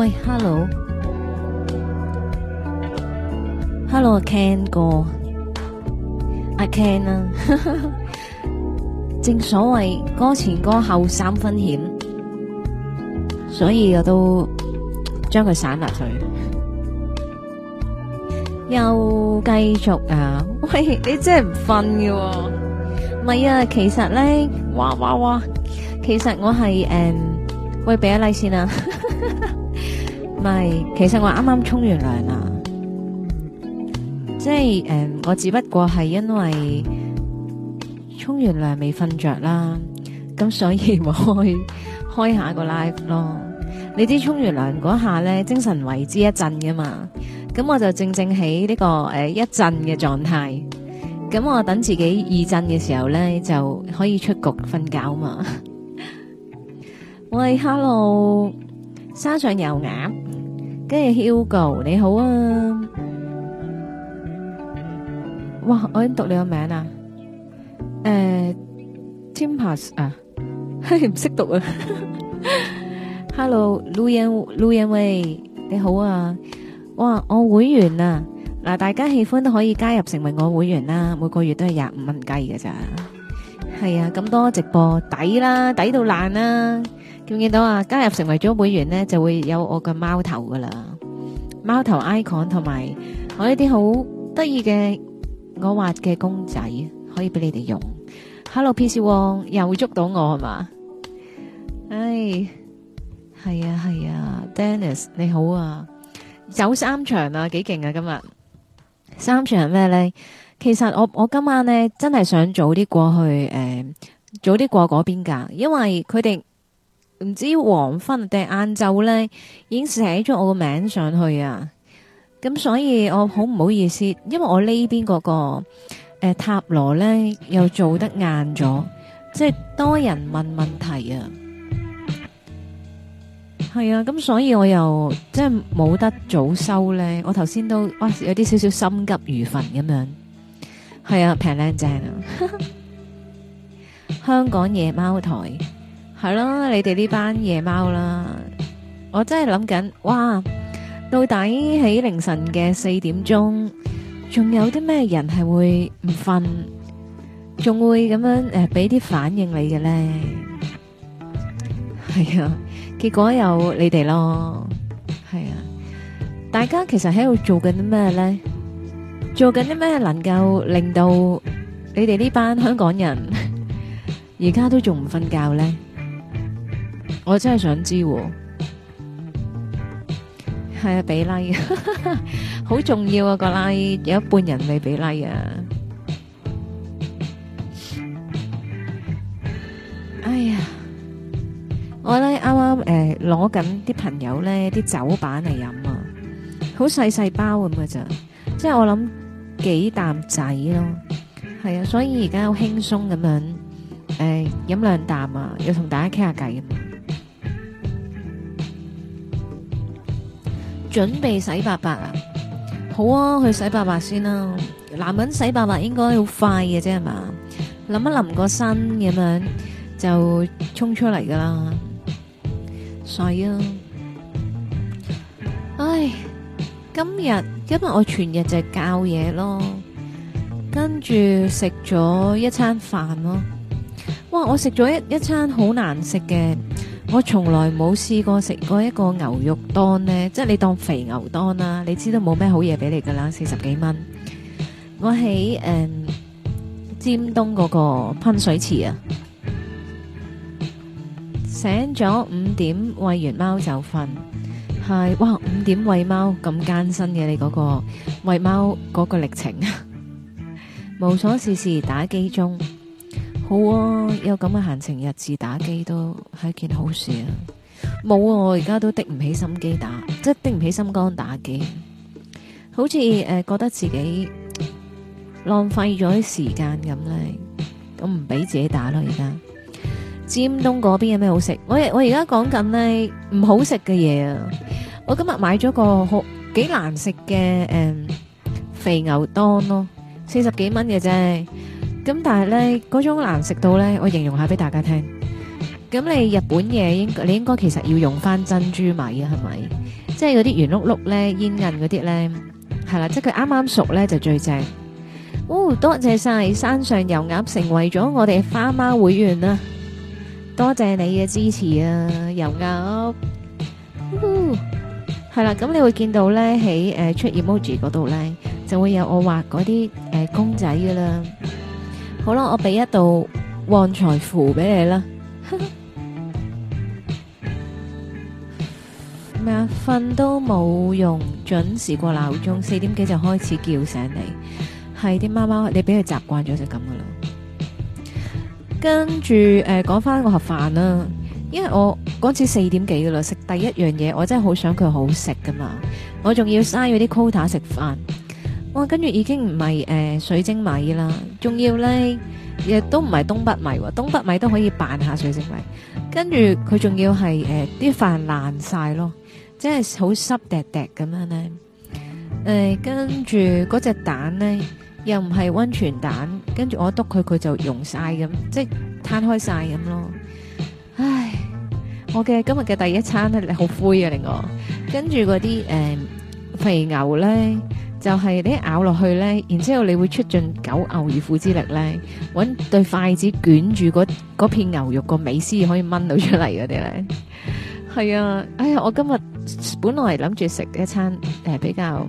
喂，Hello，Hello，阿 Ken 哥，阿 Ken 啊，正所謂歌前歌後三分險，所以我都將佢散埋佢。又繼續啊，喂，你真係唔瞓㗎，唔係啊，其實咧，哇哇哇，其實我係誒，喂，俾個 like 先啊。唔係，其實我啱啱沖完涼啦，即係誒，我只不過係因為沖完涼未瞓着啦，咁所以我開開下個 live 咯。你知沖完涼嗰下咧，精神為之一振噶嘛，咁我就正正喺呢個誒一震嘅狀態，咁我等自己二震嘅時候咧，就可以出局瞓覺嘛。喂，hello，山上有鴨。今日 Hugo 你好啊，哇！我點讀你個名啊，誒，Timpas 啊，唔識讀啊。Hello，Liu Yan，Liu Yan，喂，你好啊，哇！我會員啊，嗱，大家喜歡都可以加入成為我會員啦，每個月都係廿五蚊雞㗎咋，係啊，咁多直播抵啦，抵到爛啦。仲見到啊！加入成為咗會員咧，就會有我嘅貓頭噶啦，貓頭 icon 同埋我一啲好得意嘅我畫嘅公仔，可以俾你哋用。Hello，P.C. Wong 又捉到我係嘛？唉，係啊係啊，Dennis 你好啊，走三場啊，幾勁啊今日三場係咩咧？其實我我今晚咧真係想早啲過去，誒、呃、早啲過嗰邊噶，因為佢哋。唔知黃昏定晏晝咧，已經寫咗我個名上去啊！咁所以我好唔好意思，因為我呢邊嗰個誒塔羅咧又做得晏咗，即係多人問問題啊，係啊！咁所以我又即係冇得早收咧，我頭先都哇有啲少少心急如焚咁樣，係啊平靚正啊！香港夜貓台。係咯，你哋呢班夜貓啦，我真係諗緊，哇，到底喺凌晨嘅四點鐘，仲有啲咩人係會唔瞓，仲會咁樣誒，俾啲反應你嘅咧？係啊，結果有你哋咯，係啊，大家其實喺度做緊啲咩咧？做緊啲咩能夠令到你哋呢班香港人而家都仲唔瞓覺咧？我真係想知喎，係啊，俾拉，好重要啊個拉，有一半人未俾拉啊！哎呀，我咧啱啱誒攞緊啲朋友咧啲酒版嚟飲啊，好細細包咁嘅咋，即係我諗幾啖仔咯，係啊，所以而家好輕鬆咁樣誒飲兩啖啊，又同大家傾下偈咁啊！準備洗白白啊！好啊，去洗白白先啦。男人洗白白應該好快嘅啫，係嘛？淋一淋個身咁樣就衝出嚟噶啦，帥啊！唉，今日因為我全日就係教嘢咯，跟住食咗一餐飯咯。哇！我食咗一一餐好難食嘅。我從來冇試過食過一個牛肉檔呢，即係你當肥牛檔啦，你知都冇咩好嘢俾你㗎啦，四十幾蚊好啊，有咁嘅閒情逸致打機都係件好事啊！冇啊，我而家都滴唔起心機打，即係滴唔起心肝打機，好似誒覺得自己浪費咗啲時間咁咧，咁唔俾自己打咯。而家尖東嗰邊有咩好食？我我而家講緊呢唔好食嘅嘢啊！我今日買咗個好幾難食嘅誒肥牛當咯，四十幾蚊嘅啫。咁但係咧，嗰種難食到咧，我形容下俾大家聽。咁你日本嘢，應你應該其實要用返珍珠米啊，係咪？即係嗰啲圓碌碌咧，煙韌嗰啲咧，係啦，即係佢啱啱熟咧就最正。哦，多謝晒山上油鴨，成為咗我哋花貓會員啦。多謝你嘅支持啊，油鴨。係啦，咁你會見到咧喺誒出 emoji 嗰度咧，就會有我畫嗰啲誒公仔噶啦。好啦，我俾一道旺財符俾你啦。咩啊？瞓都冇用，準時過鬧鐘，四點幾就開始叫醒你，係啲貓貓，你俾佢習慣咗就咁噶啦。跟住誒，講、呃、翻個盒飯啦，因為我嗰次四點幾噶啦，食第一樣嘢，我真係好想佢好食噶嘛，我仲要嘥嗰啲 quota 食飯。哇！跟住已經唔係誒水晶米啦，仲要咧亦都唔係東北米喎。東北米都可以扮下水晶米。跟住佢仲要係誒啲飯爛曬咯，即係好濕滴滴咁樣咧。誒跟住嗰隻蛋咧又唔係溫泉蛋，跟住我篤佢佢就溶曬咁，即係攤開曬咁咯。唉，我嘅今日嘅第一餐咧好灰啊，令我跟住嗰啲誒肥牛咧。就係你一咬落去咧，然之後你會出盡九牛二虎之力咧，揾對筷子捲住嗰嗰片牛肉個尾先可以炆到出嚟嗰啲咧。係啊，哎呀，我今日本來諗住食一餐誒比較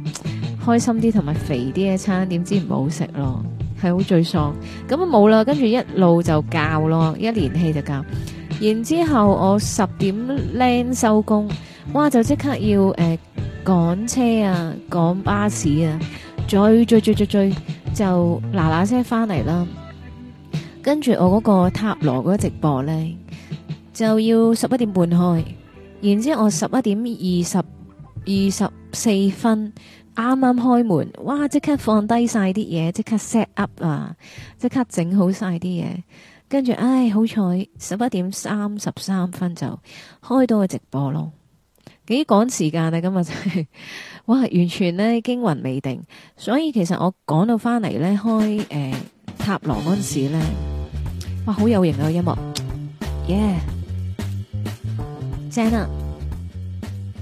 開心啲同埋肥啲一餐，點知唔好食咯，係好沮喪。咁啊冇啦，跟住一路就教咯，一連氣就教。然之後我十點零收工，哇就即刻要誒。趕車啊，趕巴士啊，追追追追追，就嗱嗱聲翻嚟啦。跟住我嗰個塔羅嗰個直播呢，就要十一點半開，然之後我十一點二十二十四分啱啱開門，哇！即刻放低晒啲嘢，即刻 set up 啊，即刻整好晒啲嘢，跟住唉，哎、好彩十一點三十三分就開到個直播咯。幾趕時間啊，今日，真係，哇，完全咧驚魂未定，所以其實我講到翻嚟咧開誒、呃、塔羅嗰陣時咧，哇好有型啊音樂，耶、yeah，正啊，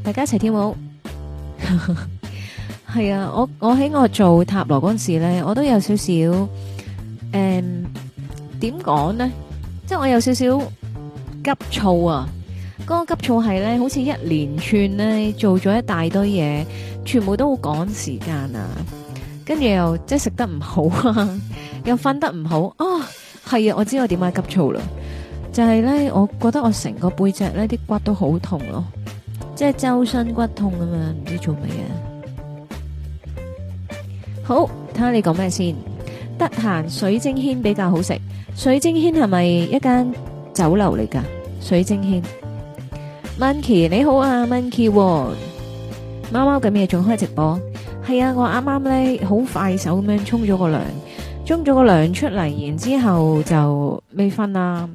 大家一齊跳舞。係 啊，我我喺我做塔羅嗰陣時咧，我都有少少誒，點講咧，即係我有少少急躁啊。嗰、嗰個急躁係咧，好似一連串咧，做咗一大堆嘢，全部都好趕時間啊。跟住又即係食得唔好，又瞓得唔好啊。係啊、哦，我知我點解急躁啦。就係、是、咧，我覺得我成個背脊咧啲骨都好痛咯、啊，即係周身骨痛咁、啊、樣，唔知做乜嘢。好，睇下你講咩先。得閒，水晶軒比較好食。水晶軒係咪一間酒樓嚟㗎？水晶軒。Minki 你好啊 Minki 貓貓今日仲開直播。係啊，我啱啱咧好快手咁樣沖咗個涼，沖咗個涼出嚟，然之後就未瞓啦，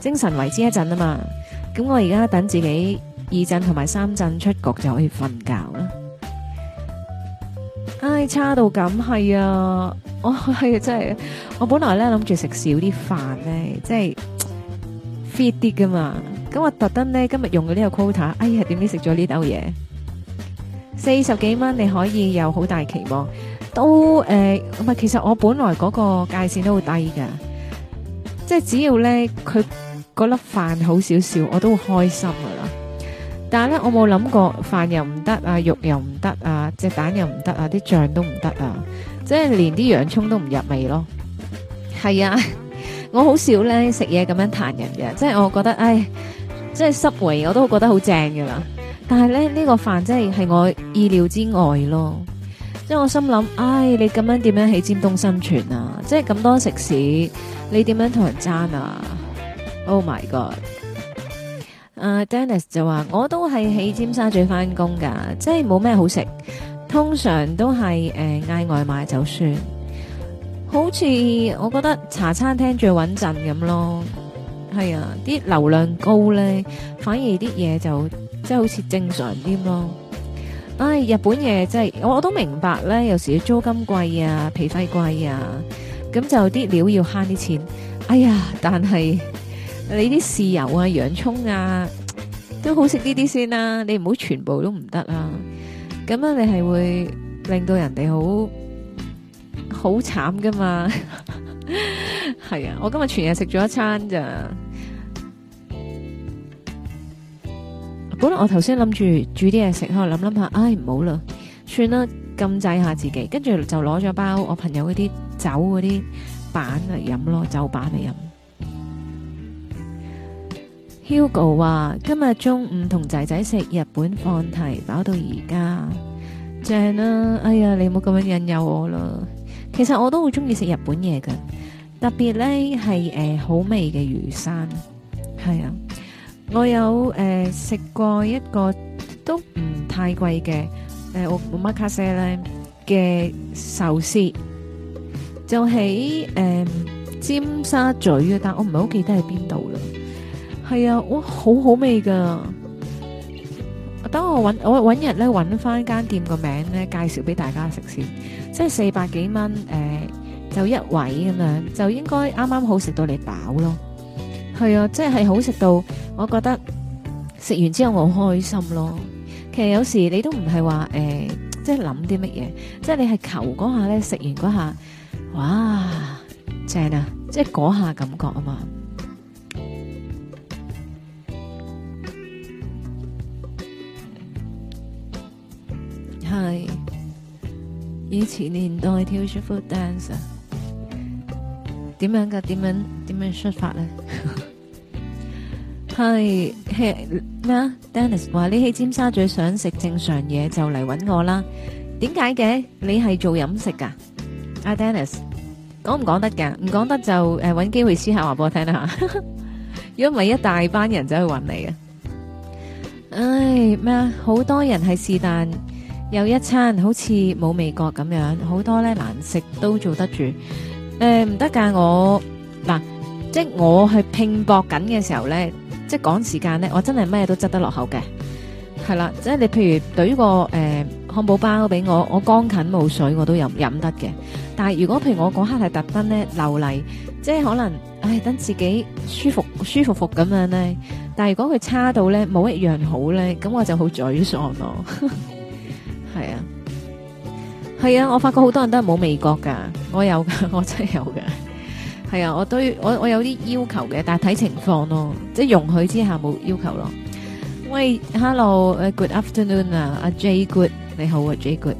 精神為之一陣啊嘛，咁我而家等自己二陣同埋三陣出局就可以瞓覺啦。唉，差到咁。係啊，我、哦、係啊，真係，我本來咧諗住食少啲飯咧，即係。fit 啲噶嘛，咁我特登咧今日用咗呢個 quota，哎呀，點知食咗呢兜嘢，四十幾蚊你可以有好大期望，都誒唔係，其實我本來嗰個界線都好低噶，即係只要咧佢嗰粒飯好少少，我都會開心噶啦。但係咧，我冇諗過飯又唔得啊，肉又唔得啊，隻蛋又唔得啊，啲醬都唔得啊，即係連啲洋蔥都唔入味咯。係啊。我好少咧食嘢咁樣彈人嘅，即係我覺得，唉，即係 Subway 我都覺得好正噶啦。但係咧呢、這個飯真係係我意料之外咯。即係我心諗，唉，你咁樣點樣喺尖東生存啊？即係咁多食肆，你點樣同人爭啊？Oh my god！啊、uh,，Dennis 就話我都係喺尖沙咀翻工噶，即係冇咩好食，通常都係誒嗌外賣就算。好似我覺得茶餐廳最穩陣咁咯，係啊，啲流量高咧，反而啲嘢就即係好似正常啲咯。唉，日本嘢真係，我我都明白咧，有時要租金貴啊，皮費貴啊，咁就啲料要慳啲錢。哎呀，但係你啲豉油啊、洋蔥啊，都好食呢啲先啦，啊，你唔好全部都唔得啊。咁樣，你係會令到人哋好。好慘噶嘛，係 啊！我今日全日食咗一餐咋，本來、 well, 我頭先諗住煮啲嘢食，後來諗諗下，哎唔好啦，算啦，禁制下自己，跟住就攞咗包我朋友嗰啲酒嗰啲板嚟飲咯，酒板嚟飲。Hugo 話今日中午同仔仔食日本放題，飽到而家正啦、啊，哎呀，你唔好咁樣引誘我啦。其實我都好中意食日本嘢㗎，特別咧係誒好味嘅魚生，係啊，我有誒食過一個都唔太貴嘅誒，Omakase 咧嘅壽司，就喺誒尖沙咀啊，但我唔係好記得喺邊度啦。係啊，哇好好味噶，等我搵我搵日咧搵翻間店個名咧，介紹俾大家食先。即係四百幾蚊，誒、呃，就一位咁樣，就應該啱啱好食到你飽咯。係啊，即係好食到，我覺得食完之後我開心咯。其實有時你都唔係話誒，即係諗啲乜嘢，即係你係求嗰下咧，食完嗰下，哇，正啊！即係嗰下感覺啊嘛。係。以前年代跳出 food dance 點樣噶？點樣點樣出發咧？係咩啊？Dennis 話你喺尖沙咀想食正常嘢就嚟搵我啦。點解嘅？你係做飲食噶？阿、ah, Dennis 講唔講得噶？唔講得就誒搵機會私下話俾我聽啦吓。如果唔係一大班人走去搵你嘅。 唉咩啊？好多人係是但。有一餐好似冇味覺咁樣，好多咧難食都做得住。誒唔得㗎，我嗱，即係我去拼搏緊嘅時候咧，即係趕時間咧，我真係咩都執得落口嘅。係啦，即係你譬如攵個誒、呃、漢堡包俾我，我乾啃冇水我都飲飲得嘅。但係如果譬如我嗰刻係特登咧流淚，即係可能唉等自己舒服舒服服咁樣咧。但係如果佢差到咧冇一樣好咧，咁我就好沮喪咯。 係啊，係啊，我發覺好多人都係冇味覺噶，我有噶，我真係有噶。係啊，我對我我有啲要求嘅，但係睇情況咯，即係容許之下冇要求咯。喂，Hello，Good afternoon 啊，阿 J Good，你好啊 J Good，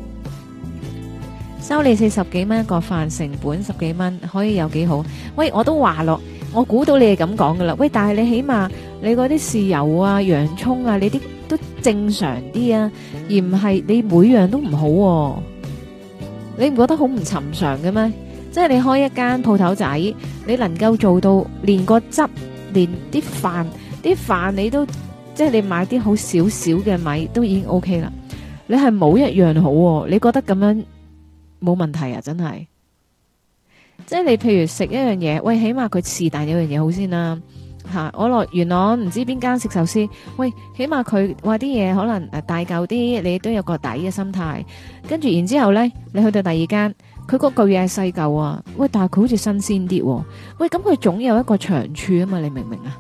收你四十幾蚊一個飯，成本十幾蚊，可以有幾好？喂，我都話咯，我估到你係咁講噶啦。喂，但係你起碼你嗰啲豉油啊、洋蔥啊、你啲。都正常啲啊，而唔係你每樣都唔好，啊，你唔覺得好唔尋常嘅咩？即係你開一間鋪頭仔，你能夠做到連個汁，連啲飯，啲飯你都即係你買啲好少少嘅米，都已經 OK 啦。你係冇一樣好，啊，你覺得咁樣冇問題啊？真係，即係你譬如食一樣嘢，喂，起碼佢是但有一樣嘢好先啦。吓，我落元朗唔知邊間食壽司，喂，起碼佢話啲嘢可能誒大舊啲，你都有個底嘅心態。跟住然之後呢，你去到第二間，佢個舊嘢係細舊啊，喂，但係佢好似新鮮啲，喂，咁佢總有一個長處啊嘛，你明唔明啊？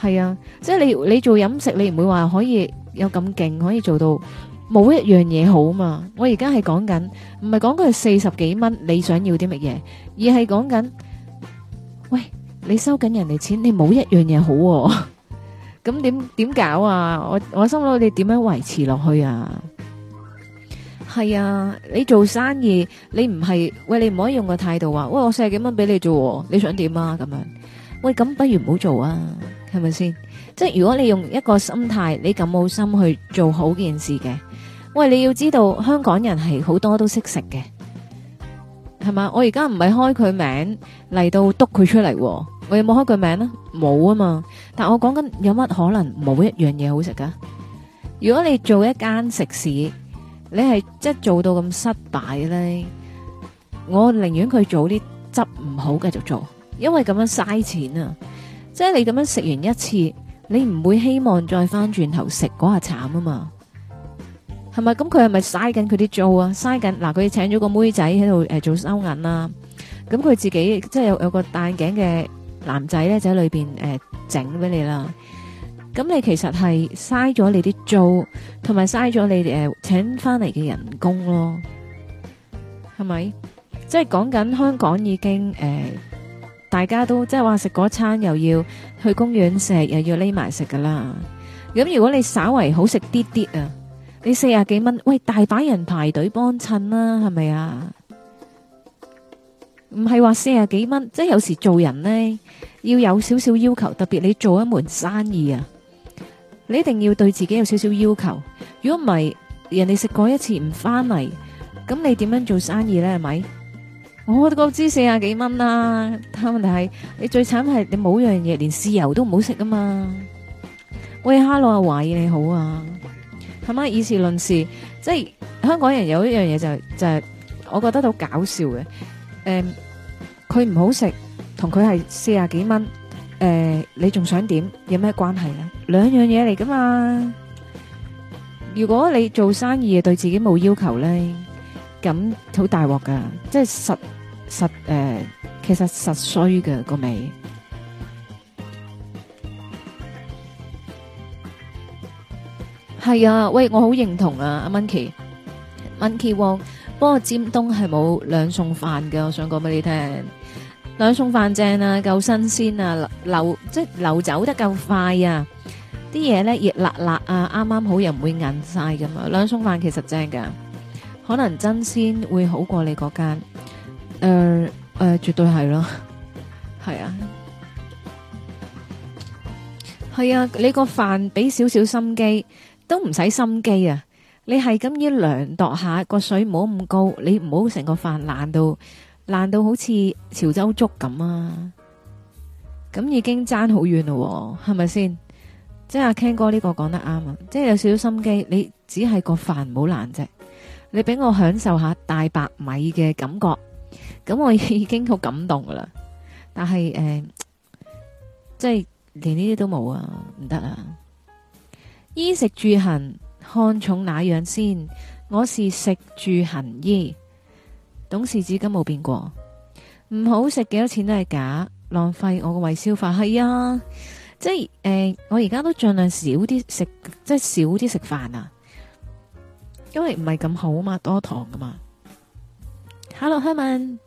係啊，即係你你做飲食，你唔會話可以有咁勁，可以做到冇一樣嘢好啊嘛。我而家係講緊，唔係講佢係四十幾蚊，你想要啲乜嘢，而係講緊，喂。你收緊人哋錢，你冇一事、哦、 樣嘢好，咁點點搞啊？我我心諗你點樣維持落去啊？係啊，你做生意，你唔係喂，你唔可以用個態度話，喂，我四十幾蚊俾你做，你想點啊？咁樣喂，咁不如唔好做啊？係咪先？即係如果你用一個心態，你咁冇心去做好件事嘅，喂，你要知道香港人係好多都識食嘅，係嘛？我而家唔係開佢名嚟到督佢出嚟。我有冇開佢名啊？冇啊嘛。但我講緊有乜可能冇一樣嘢好食噶？如果你做一間食肆，你係即係做到咁失敗咧，我寧願佢早啲執唔好繼續做，因為咁樣嘥錢啊！即係你咁樣食完一次，你唔會希望再翻轉頭食、啊，嗰下慘啊嘛。係咪？咁佢係咪嘥緊佢啲租啊？嘥緊嗱，佢請咗個妹仔喺度誒做收銀啦、啊。咁佢自己即係有有個戴眼鏡嘅。男仔咧就喺裏邊誒整俾你啦，咁你其實係嘥咗你啲租，同埋嘥咗你誒、呃、請翻嚟嘅人工咯，係咪？即係講緊香港已經誒、呃，大家都即係話食嗰餐又要去公園食，又要匿埋食噶啦。咁如果你稍為好食啲啲啊，你四十幾蚊，喂大把人排隊幫襯啦，係咪啊？唔係話四啊幾蚊，即係有時做人咧要有少少要求，特別你做一門生意啊，你一定要對自己有少少要求。如果唔係，人哋食過一次唔翻嚟，咁你點樣做生意咧？係咪？我都高知四十啊幾蚊啦。但問題係你最慘係你冇樣嘢，連豉油都唔好食噶嘛。喂，hello，阿華你好啊，係咪？以事論事，即係香港人有一樣嘢就是、就係、是，我覺得好搞笑嘅。誒，佢唔好食，同佢係四十幾蚊，誒，你仲想點？有咩關係咧？兩樣嘢嚟噶嘛？如果你做生意啊，對自己冇要求咧，咁好大鑊噶，即係實實誒，其實實衰嘅個味。係啊，喂，我好認同啊，阿 Monkey，Monkey 王。不過尖東係冇兩餸飯嘅，我想講俾你聽。兩餸飯正啊，夠新鮮啊，流即係流走得夠快啊，啲嘢咧熱辣辣啊，啱啱好又唔會硬晒咁啊。兩餸飯其實正㗎，可能真鮮會好過你嗰間。誒、呃、誒、呃，絕對係咯，係 啊，係啊，你個飯俾少少心機都唔使心機啊。你係咁要量度下個水，唔好咁高。你唔好成個飯爛到爛到好似潮州粥咁啊！咁已經爭好遠咯，係咪先？即係阿 Ken 哥呢個講得啱啊！即係有少少心機。你只係個飯唔好爛啫，你俾我享受下大白米嘅感覺，咁我已經好感動噶啦。但係誒、呃，即係連呢啲都冇啊，唔得啊！衣食住行。看重那樣先，我是食住行醫，懂事至今冇變過。唔好食幾多錢都係假，浪費我個胃消化。係啊，即係誒、呃，我而家都盡量少啲食，即係少啲食飯啊，因為唔係咁好啊嘛，多糖噶嘛。Hello Herman，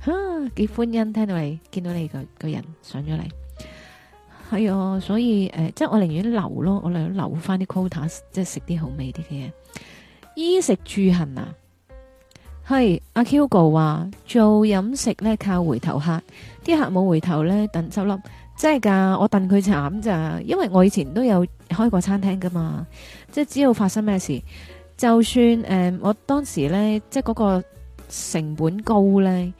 哈，幾歡迎聽到你，見到你個個人上咗嚟。係啊、哦，所以誒、呃，即係我寧願留咯，我寧願留翻啲 quota 即係食啲好味啲嘅。衣食住行啊，係阿 Kugo 話做飲食咧靠回頭客，啲客冇回頭咧，等執笠，真係噶，我等佢慘咋，因為我以前都有開過餐廳噶嘛，即係只要發生咩事，就算誒、呃，我當時咧，即係嗰個成本高咧。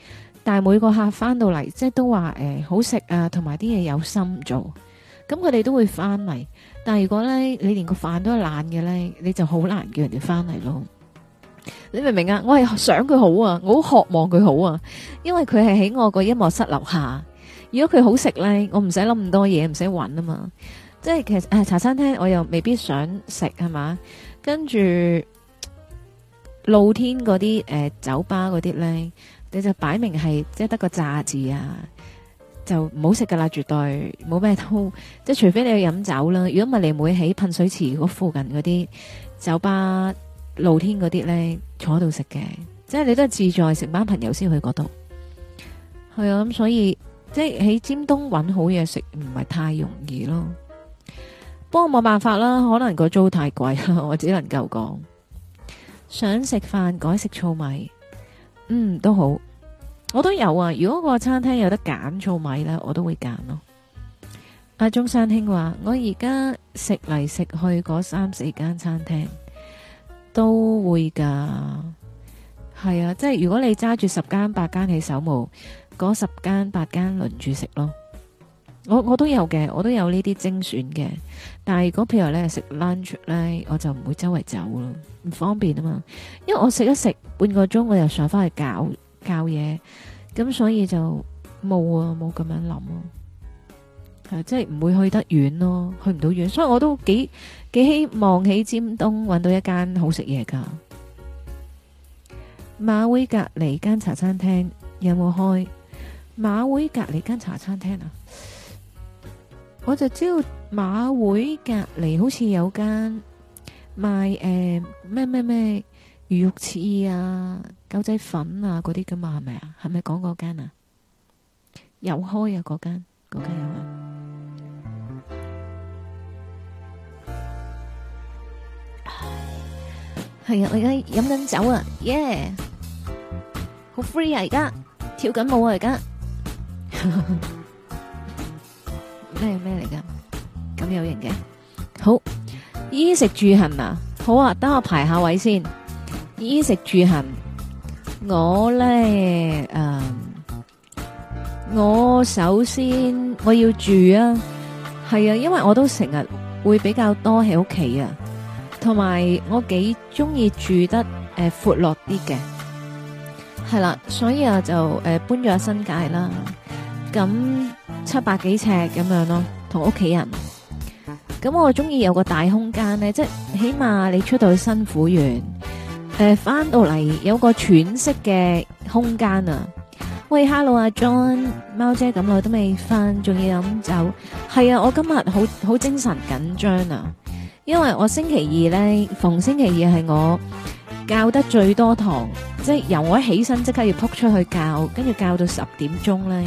但係每個客翻到嚟，即係都話誒、欸、好食啊，同埋啲嘢有心做，咁佢哋都會翻嚟。但係如果咧，你連個飯都爛嘅咧，你就好難叫人哋翻嚟咯。你明唔明啊？我係想佢好啊，我好渴望佢好啊，因為佢係喺我個音樂室樓下。如果佢好食咧，我唔使諗咁多嘢，唔使揾啊嘛。即係其實誒、啊、茶餐廳我又未必想食係嘛，跟住露天嗰啲誒酒吧嗰啲咧。你就擺明係即係得個炸字啊，就唔好食噶啦，絕對冇咩都，即係除非你去飲酒啦。如果唔係，你唔會喺噴水池嗰附近嗰啲酒吧露天嗰啲呢坐喺度食嘅。即係你都係自在，成班朋友先去嗰度。係啊，咁所以即係喺尖東搵好嘢食唔係太容易咯。不過冇辦法啦，可能個租太貴啦，我只能夠講想食飯改食糙米。嗯，都好，我都有啊。如果個餐廳有得揀糙米呢，我都會揀咯。阿、啊、中山兄話，我而家食嚟食去嗰三四間餐廳都會噶，係啊，即係如果你揸住十間八間喺手冇，嗰十間八間輪住食咯。我我都有嘅，我都有呢啲精選嘅。但係如果譬如咧食 lunch 咧，我就唔會周圍走咯，唔方便啊嘛，因為我食一食半個鐘，我又上翻去搞搞嘢，咁所以就冇啊，冇咁樣諗啊，係即係唔會去得遠咯，啊，去唔到遠，所以我都幾幾希望喺尖東搵到一間好食嘢噶。馬會隔籬間茶餐廳有冇開？馬會隔籬間茶餐廳啊？我就知道馬會隔籬好似有間賣誒咩咩咩魚肉翅啊、狗仔粉啊嗰啲噶嘛，係咪啊？係咪講嗰間啊？有開啊，嗰間嗰間有啊。係啊，我而家飲緊酒啊，耶！好 free 啊，而家跳緊舞啊，而家。咩咩嚟㗎？咁有型嘅，好，衣食住行啊！好啊，等我排下位先。衣食住行，我呢誒、嗯，我首先我要住啊，係啊，因為我都成日會比較多喺屋企啊，同埋我幾中意住得誒、呃、闊落啲嘅，係啦、啊，所以啊就誒、呃、搬咗新界啦。咁七百幾尺咁樣咯，同屋企人。咁我中意有個大空間咧，即係起碼你出到去辛苦完，誒、呃、翻到嚟有個喘息嘅空間啊！喂，Hello 啊，John，貓姐咁耐都未翻，仲要飲酒？係啊，我今日好好精神緊張啊，因為我星期二咧，逢星期二係我教得最多堂，即係由我起身即刻要撲出去教，跟住教到十點鐘咧。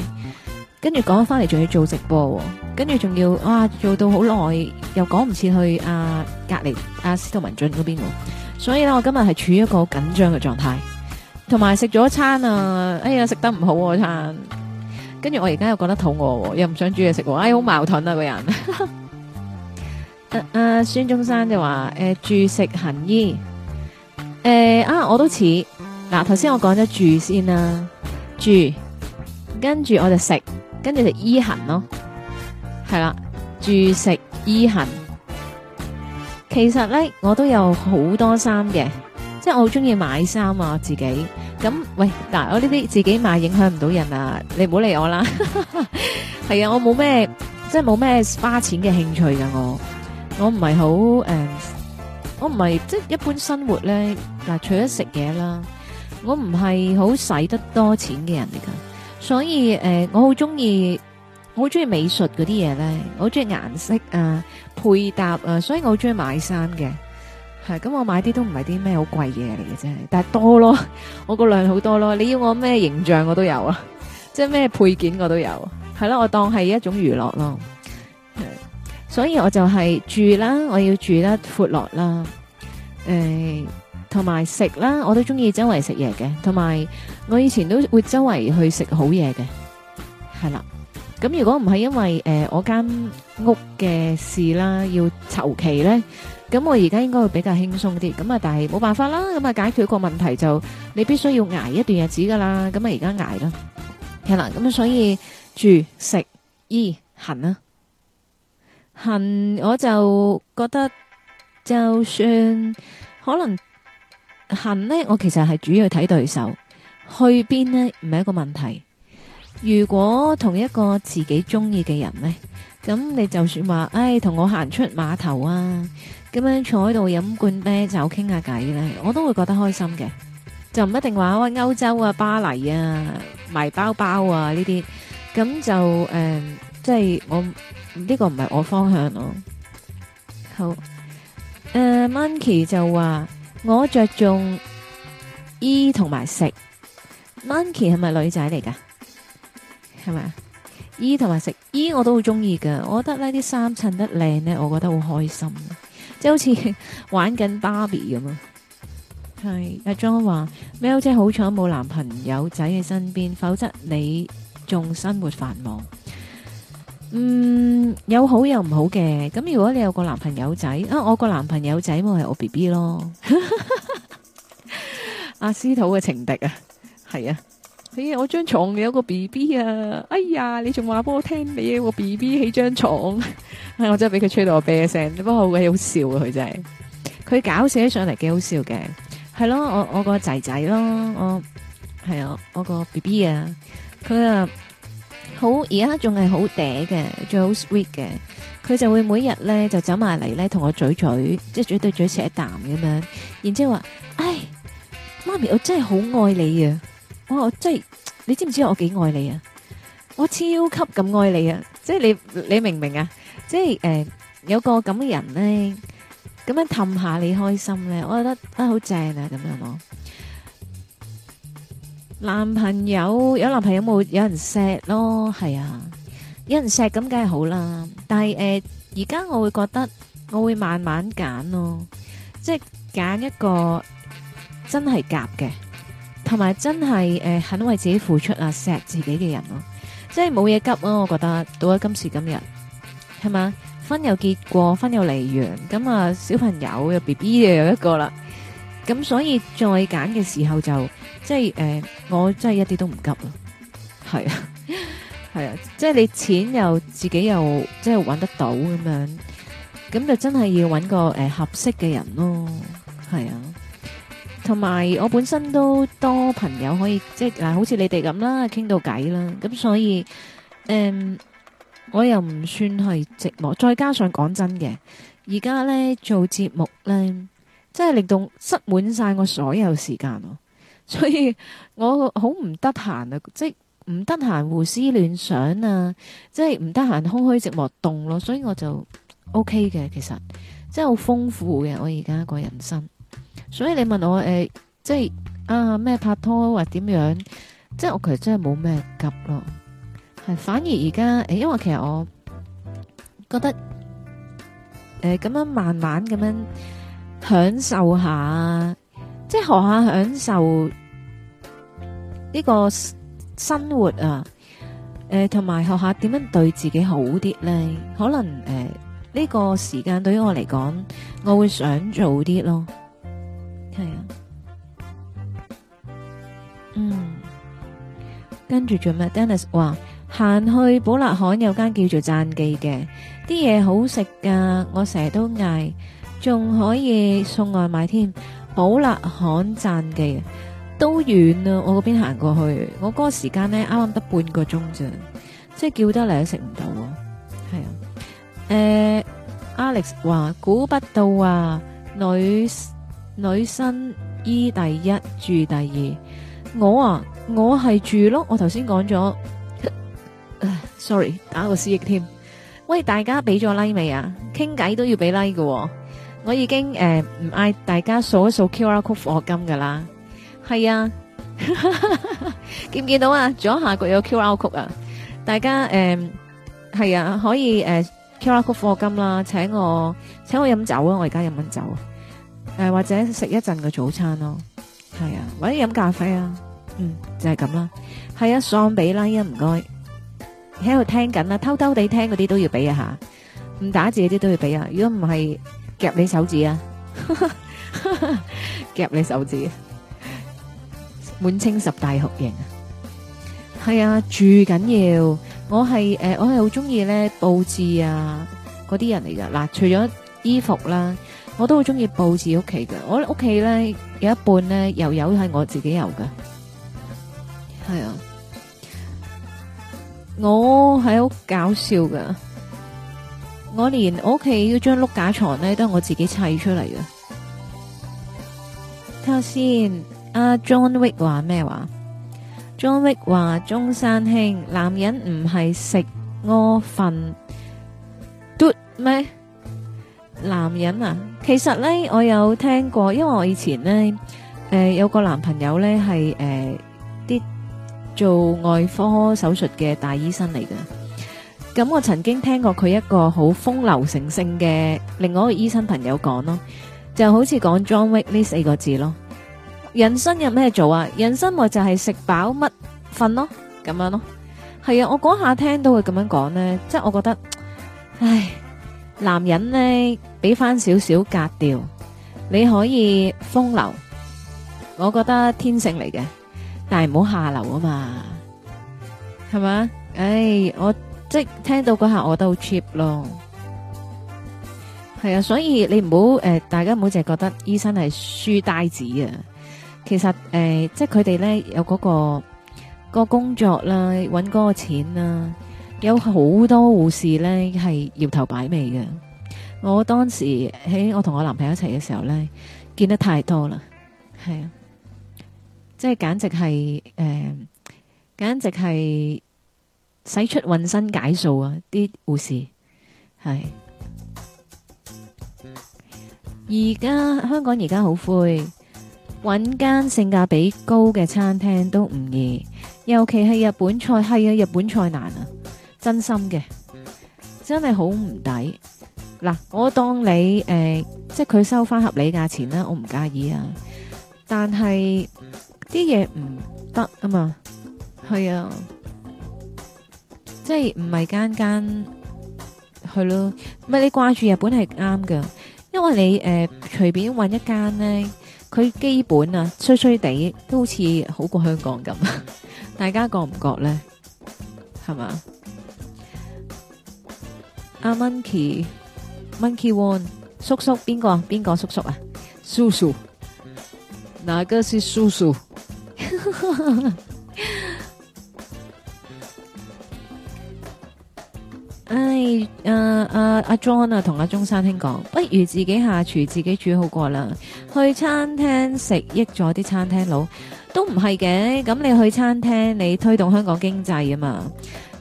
跟住講翻嚟仲要做直播、哦，跟住仲要啊，做到好耐，又趕唔切去啊。隔籬阿司徒文進嗰邊、哦，所以咧我今日係處於一個好緊張嘅狀態，同埋食咗餐啊，哎呀食得唔好、啊、餐，跟住我而家又覺得肚餓、啊，又唔想煮嘢食，哎好矛盾啊個人、 啊。啊，阿孫中山就話誒、呃、住食行醫，誒、呃、啊我都似嗱頭先我講咗住先啦住，跟住我就食。跟住就衣行咯，係啦、啊，住食衣行。其實咧，我都有好多衫嘅，即係我好中意買衫啊自己。咁喂，嗱，我呢啲自己買影響唔到人啊，你唔好理我啦。係 啊，我冇咩，即係冇咩花錢嘅興趣噶我，我唔係好誒，我唔係即係一般生活咧嗱，除咗食嘢啦，我唔係好使得多錢嘅人嚟噶。所以誒、呃，我好中意，我好中意美術嗰啲嘢咧，我中意顏色啊，配搭啊，所以我好中意買衫嘅，係咁我買啲都唔係啲咩好貴嘢嚟嘅啫，但係多咯，我個量好多咯，你要我咩形象我都有啊，即係咩配件我都有，係啦，我當係一種娛樂咯，所以我就係住啦，我要住得闊落啦，誒、呃。同埋食啦，我都中意周圍食嘢嘅。同埋我以前都會周圍去食好嘢嘅，係啦。咁如果唔係因為誒我間屋嘅事啦，要籌期咧，咁我而家應該會比較輕鬆啲。咁啊，但係冇辦法啦。咁啊，解決個問題就你必須要捱一段日子噶啦。咁啊，而家捱啦，係啦。咁啊，所以住食醫行啊，行我就覺得就算可能。行呢，我其實係主要睇對手。去邊呢？唔係一個問題。如果同一個自己中意嘅人呢，咁你就算話，唉、哎，同我行出碼頭啊，咁樣坐喺度飲罐啤酒，就傾下偈呢，我都會覺得開心嘅。就唔一定話歐洲啊、巴黎啊、買包包啊呢啲。咁就誒、呃，即係我呢、這個唔係我方向咯。好，誒、呃、Monkey 就話。我着重衣同埋食。Monkey 係咪女仔嚟噶？係咪？衣同埋食衣、e、我都好中意噶，我覺得呢啲衫襯得靚呢，我覺得好開心，即係好似玩緊芭比咁啊！係阿 John 話，喵姐好彩冇男朋友仔喺身邊，否則你仲生活繁忙。嗯，有好有唔好嘅。咁如果你有個男朋友仔，啊，我個男朋友仔咪係我 B B 咯，阿、 啊、司徒嘅情敵啊，係啊，哎我張床有個 B B 啊，哎呀，你仲話俾我聽你有個 B B 起張床、 哎，我真係俾佢吹到我啤聲。不過好鬼好笑，， 笑，好笑啊，佢真係，佢搞笑上嚟幾好笑嘅，係咯，我我個仔仔咯，我係啊，我個 B B 啊，佢啊。好而家仲係好嗲嘅，仲好 sweet 嘅，佢就會每日咧就走埋嚟，咧同我嘴嘴，即係嘴對嘴錫一啖咁樣，然之後話：哎媽咪，我真係好愛你啊！哇我真係，你知唔知我幾愛你啊？我超級咁愛你啊！即係你你明唔明啊？即係誒、呃、有個咁嘅人咧，咁樣氹下你開心咧，我覺得、哎、啊好正啊咁樣咯。男朋友有男朋友冇？有有人錫咯，係啊，有人錫咁梗係好啦。但係誒，而、呃、家我會覺得我會慢慢揀咯，即係揀一個真係夾嘅，同埋真係誒、呃，肯為自己付出啊，錫自己嘅人咯。即係冇嘢急咯、啊，我覺得到咗今時今日，係嘛，婚又結過，婚又離完，咁啊，小朋友又 B B 又有一個啦，咁所以再揀嘅時候就。即係誒、呃，我真係一啲都唔急咯，係啊，係啊，即係你錢又自己又即係揾得到咁樣，咁就真係要搵個誒、呃、合適嘅人咯，係啊。同埋我本身都多朋友可以即係、啊，好似你哋咁啦，傾到偈啦，咁所以誒、嗯，我又唔算係寂寞。再加上講真嘅，而家咧做節目咧，真係令到塞滿晒我所有時間咯。所以我好唔得閒啊，即係唔得閒胡思亂想啊，即係唔得閒空虛寂寞凍咯，所以我就 OK 嘅，其實即係好豐富嘅我而家個人生。所以你問我誒、欸，即係啊咩拍拖或點樣，即係我其實真係冇咩急咯，係反而而家誒，因為其實我覺得誒咁、欸、樣慢慢咁樣享受下，即係學下享受。呢個生活啊，誒同埋學下點樣對自己好啲咧？可能誒呢個時間對於我嚟講，我會想做啲咯，係啊，嗯。跟住做咩？Dennis 話行去寶勒巷有間叫做讚記嘅，啲嘢好食㗎，我成日都嗌，仲可以送外賣添。寶勒巷讚記啊！都遠啊！我嗰邊行過去，我嗰個時間咧啱啱得半個鐘咋，即係叫得嚟都食唔到，係啊，誒、啊欸、，Alex 話估不到啊。女女生醫第一，住第二。我啊，我係住咯。我頭先講咗，sorry 打個詩 E 添。喂，大家俾咗 like 未啊？傾偈都要俾 like 噶。我已經誒唔嗌大家數一數 Q R Code 課金噶啦。係啊，見唔見到啊？左下角有個 QR Code 啊！大家誒，係啊，可以誒 QR Code 課金啦，請我請我飲酒啊！我而家飲緊酒，誒或者食一陣嘅早餐咯，係啊或者飲咖啡啊，嗯就係咁啦。係啊送俾你啊，唔該喺度聽緊啦，偷偷地聽嗰啲都要俾一下，唔打字嗰啲都要俾啊！如果唔係夾你手指啊，夾你手指。滿清十大酷刑啊，係啊，住緊要。我係誒，我係好中意咧布置啊嗰啲人嚟噶。嗱，除咗衣服啦，我都好中意布置屋企噶。我屋企咧，有一半咧由由係我自己由噶，係啊。我係好搞笑噶，我連我屋企嗰張碌架床咧都係我自己砌出嚟噶。睇下先。阿 John Wick 話咩話？John Wick 話中山兄男人唔係食屙瞓 do 咩？男人啊，其實咧我有聽過，因為我以前咧誒有個男朋友咧係誒啲做外科手術嘅大醫生嚟嘅。咁我曾經聽過佢一個好風流成性嘅另外一個醫生朋友講咯，就好似講 John Wick 呢四個字咯。人生有咩做啊？人生咪就係食飽乜瞓咯，咁樣咯。係啊，我嗰下聽到佢咁樣講咧，即係我覺得，唉，男人咧俾翻少少格調，你可以風流，我覺得天性嚟嘅，但係唔好下流啊嘛，係嘛？唉，我即係聽到嗰下我都好 cheap 咯。係啊，所以你唔好誒，大家唔好淨係覺得醫生係書呆子啊。其實誒、呃，即係佢哋咧有嗰、嗰個、嗰個工作啦，搵嗰個錢啦，有好多護士咧係搖頭擺尾嘅。我當時喺、欸、我同我男朋友一齊嘅時候咧，見得太多啦，係啊，即係簡直係誒、呃，簡直係使出渾身解數啊！啲護士係，而家、啊、香港而家好灰。搵間性價比高嘅餐廳都唔易。尤其係日本菜，係呀，日本菜難呀。真心嘅。真係好唔抵。嗱，我當你，呃，即係佢收返合理價錢啦，我唔介意呀。但係，啲嘢唔得㗎嘛。係呀。即係，唔係間間，係囉。唔係你掛住日本係啱㗎。因為你，佢基本啊衰衰哋都好似好過香港咁，大家覺唔覺咧？係嘛？阿 Monkey Monkey One 叔叔邊個？邊個叔叔啊？叔叔，哪個是叔叔？唉，阿阿阿 John 啊，同阿、啊、中山兄講，不如自己下廚自己煮好過啦。去餐廳食益咗啲餐廳佬，都唔係嘅。咁你去餐廳，你推動香港經濟啊嘛。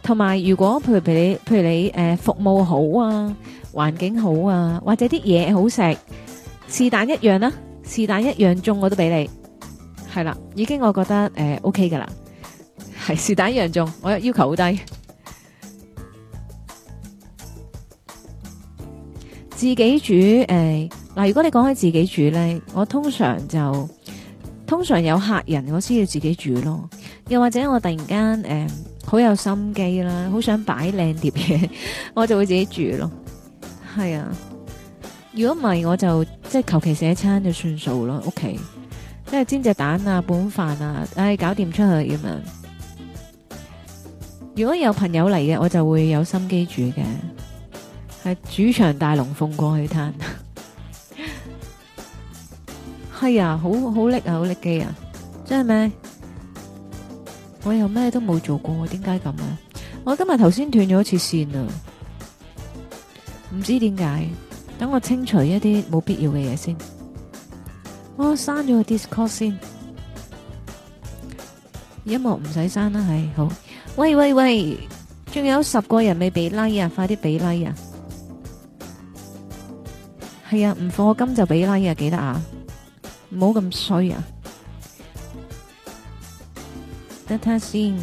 同埋，如果譬如你譬如你誒、呃、服務好啊，環境好啊，或者啲嘢好食，是但一樣啦，是但一樣中我都俾你。係啦，已經我覺得誒、呃、OK 噶啦，係是但一樣中，我要求好低。自己煮，誒，嗱，如果你講起自己煮呢，我通常就通常有客人，我先要自己煮咯。又或者我突然間，誒、呃，好有心機啦，好想擺靚碟嘢，我就會自己煮咯。係啊，如果唔係我就即係求其食餐就算數咯。屋企即係煎隻蛋啊，半飯啊，哎，搞掂出去咁樣。如果有朋友嚟，嘅我就會有心機煮嘅。係主場大龍鳳過去嘆，係啊，好好叻啊，好叻機啊，真係咩？我又咩都冇做過，點解咁啊？我今日頭先斷咗一次線啊，唔知點解。等我清除一啲冇必要嘅嘢先。我刪咗個 Discord 先，音樂唔使刪啦。係好，喂喂喂，仲有十個人未俾 like 啊！快啲俾 like 啊！係啊，唔課金就俾拉嘢，記得啊，唔好咁衰啊！得睇先，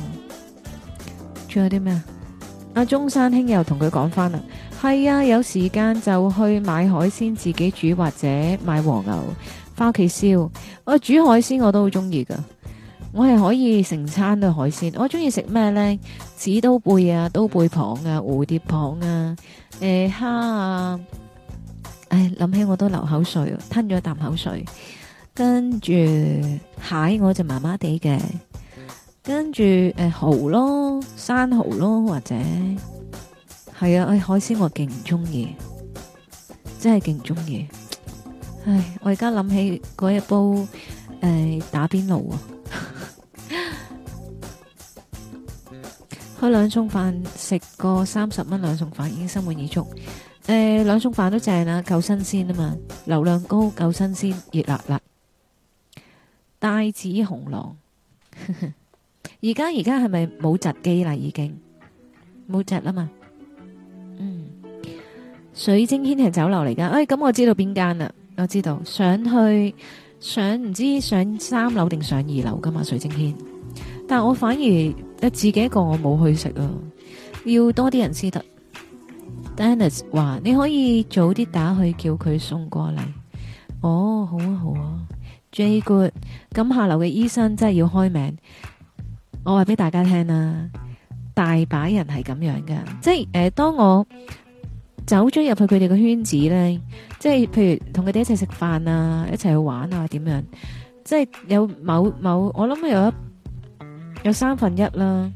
仲有啲咩啊？阿中山兄又同佢講翻啦，係啊，有時間就去買海鮮自己煮，或者買和牛翻屋企燒。我煮海鮮我都好中意噶，我係可以成餐都海鮮。我中意食咩呢？紫刀貝啊，刀貝蚌啊，蝴蝶蚌啊，誒、呃，蝦啊。唉，諗起我都流口水，吞咗啖口，口水，跟住蟹我就麻麻地嘅，跟住誒蚝咯，生蚝咯或者係啊，誒、哎，海鮮我勁中意，真係勁中意。唉，我而家諗起嗰日煲誒打邊爐啊，呵呵開兩餸飯，食個三十蚊兩餸飯，已經心滿意足。誒、哎，兩餸飯都正啦，夠新鮮啊嘛，流量高，夠新鮮，熱辣辣，帶子紅囊。而家而家係咪冇窒機啦？已經冇窒啦嘛。嗯，水晶軒係酒樓嚟噶。誒、哎，咁我知道邊間啦，我知道，上去上唔知上三樓定上二樓噶嘛？水晶軒，但我反而自己一個我冇去食啊，要多啲人先得。Dennis 話：你可以早啲打去叫佢送過嚟。哦、oh,，好啊，好啊。J good，咁下流嘅醫生真係要開名。我話俾大家聽啦，大把人係咁樣噶。即係誒、呃，當我走咗入去佢哋個圈子咧，即係譬如同佢哋一齊食飯啊，一齊去玩啊，點樣？即係有某某，我諗有一有三分一啦。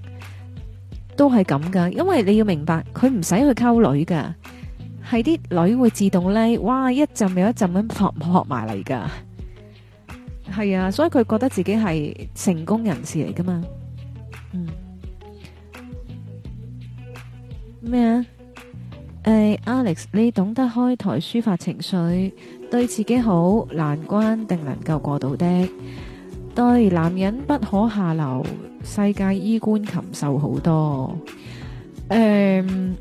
都係咁噶，因為你要明白，佢唔使去溝女噶，係啲女會自動嚟，哇一陣又一陣咁撲埋嚟噶，係 啊，所以佢覺得自己係成功人士嚟噶嘛，咩、嗯、啊？誒、欸、Alex，你懂得開台抒發情緒，對自己好，難關定能夠過到的。對，男人不可下流，世界衣冠禽獸好多。誒、嗯，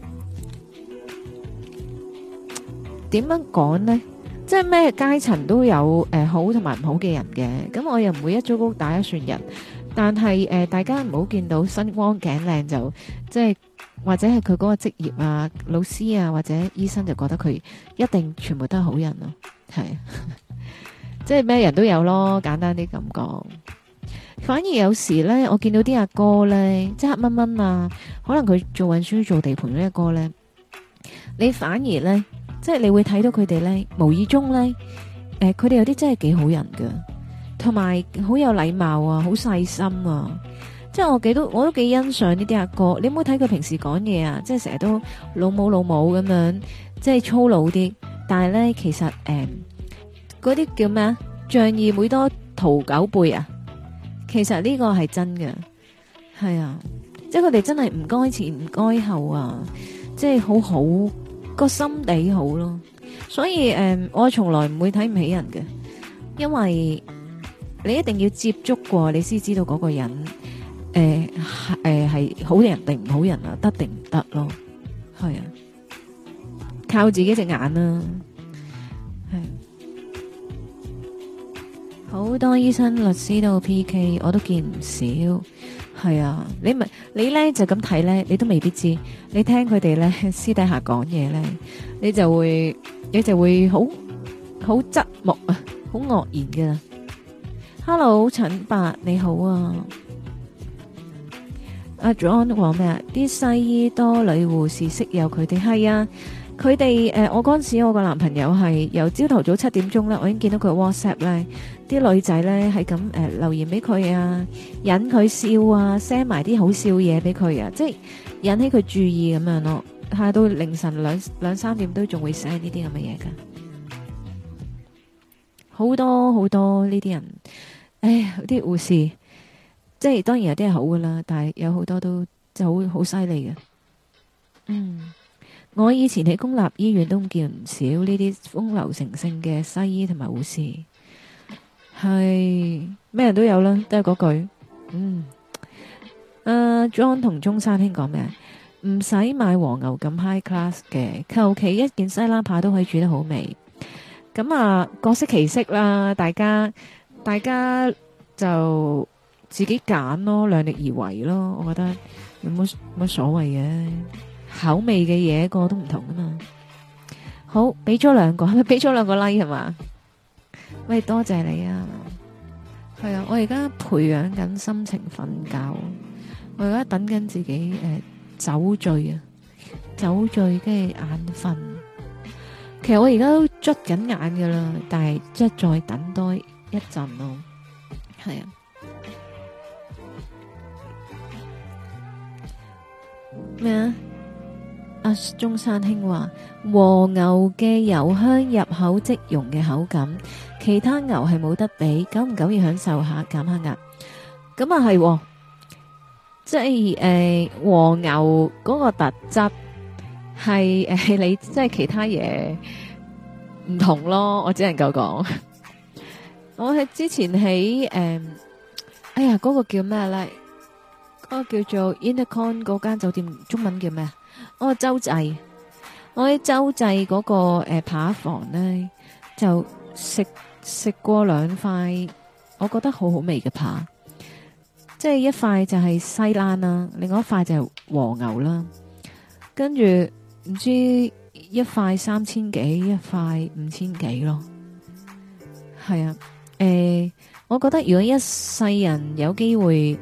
點樣講呢？即係咩階層都有誒、呃、好同埋唔好嘅人嘅。咁我又唔會一竹篙打一船人。但係誒、呃，大家唔好見到身光頸靚就即係或者係佢嗰個職業啊，老師啊或者醫生就覺得佢一定全部都係好人咯，係。 即係咩人都有咯，簡單啲感覺。反而有時咧，我見到啲阿哥咧，即係黑蚊蚊啊，可能佢做運輸、做地盤嗰啲阿哥咧，你反而咧，即係你會睇到佢哋咧，無意中咧，呃、佢哋有啲真係幾好人㗎，同埋好有禮貌啊，好細心啊，即係我幾都我都幾欣賞呢啲阿哥。你有冇睇佢平時講嘢啊，即係成日都老母老母咁樣，即係粗魯啲，但係咧其實、嗯嗰啲叫咩啊？仗義每多屠狗輩啊！其實呢個係真嘅，係啊，即係佢哋真係唔該前唔該後啊，即、就、係、是、好好個心地好咯。所以誒、嗯，我從來唔會睇唔起人嘅，因為你一定要接觸過、哦，你先知道嗰個人誒誒係好人定唔好人啊，得定唔得咯，係啊，靠自己隻眼啦、啊。好多醫生、律師都 PK，我都見唔少。係啊，你咪你咧就咁睇咧，你都未必知。你聽佢哋咧私底下講嘢咧，你就會你就會好好側目啊，好愕然㗎。啦。Hello，陳伯你好啊，阿 John 話咩啊？啲西醫多女護士識有佢哋係啊。佢哋誒，我嗰陣時我個男朋友係由朝頭早七點鐘咧，我已經見到佢 WhatsApp 咧，啲女仔咧係咁誒留言俾佢啊，引佢笑啊，send 埋啲好笑嘢俾佢啊，即係引起佢注意咁樣咯。下到凌晨兩兩三點都仲會 send 呢啲咁嘅嘢噶，好多好多呢啲人，唉，啲護士即係當然有啲係好噶啦，但係有好多都就好好犀利嘅，嗯。我以前喺公立醫院都見唔少呢啲風流成性嘅西醫同埋護士，係咩人都有啦，都係嗰句，嗯，誒、uh,，John 同中山兄講咩？唔使買黃牛咁 high class 嘅，求其一件西冷扒都可以煮得好味。咁啊，各適其適啦，大家大家就自己揀咯，量力而為咯，我覺得有冇乜所謂嘅。口味嘅嘢個個都唔同噶嘛，好俾咗兩個，俾咗兩個 like 係嘛？喂，多謝你啊！係啊，我而家培養緊心情瞓覺，我而家等緊自己誒酒醉啊，酒醉跟住眼瞓。其實我而家都捽緊眼噶啦，但係即係再等多一陣咯。係啊咩啊？，阿中山兄話，和牛嘅油香入口即溶嘅口感，其他牛係冇得比，久唔久要享受下，減下壓。咁啊係，即係誒，和牛嗰個特質係誒，你即係其他嘢唔同咯，我只能夠講。我係之前喺誒、嗯，哎呀，嗰、那個叫咩咧？嗰、那個叫做 Intercon 嗰間酒店，中文叫咩？ 我、哦、洲際，我喺洲際嗰、那個誒、呃、扒房呢，就食食過兩塊，我覺得很好好味嘅扒，即、就、係、是、一塊就係西冷啦，另外一塊就係和牛啦，跟住唔知一塊三千幾，一塊五千幾咯，係啊，誒、呃，我覺得如果一世人有機會。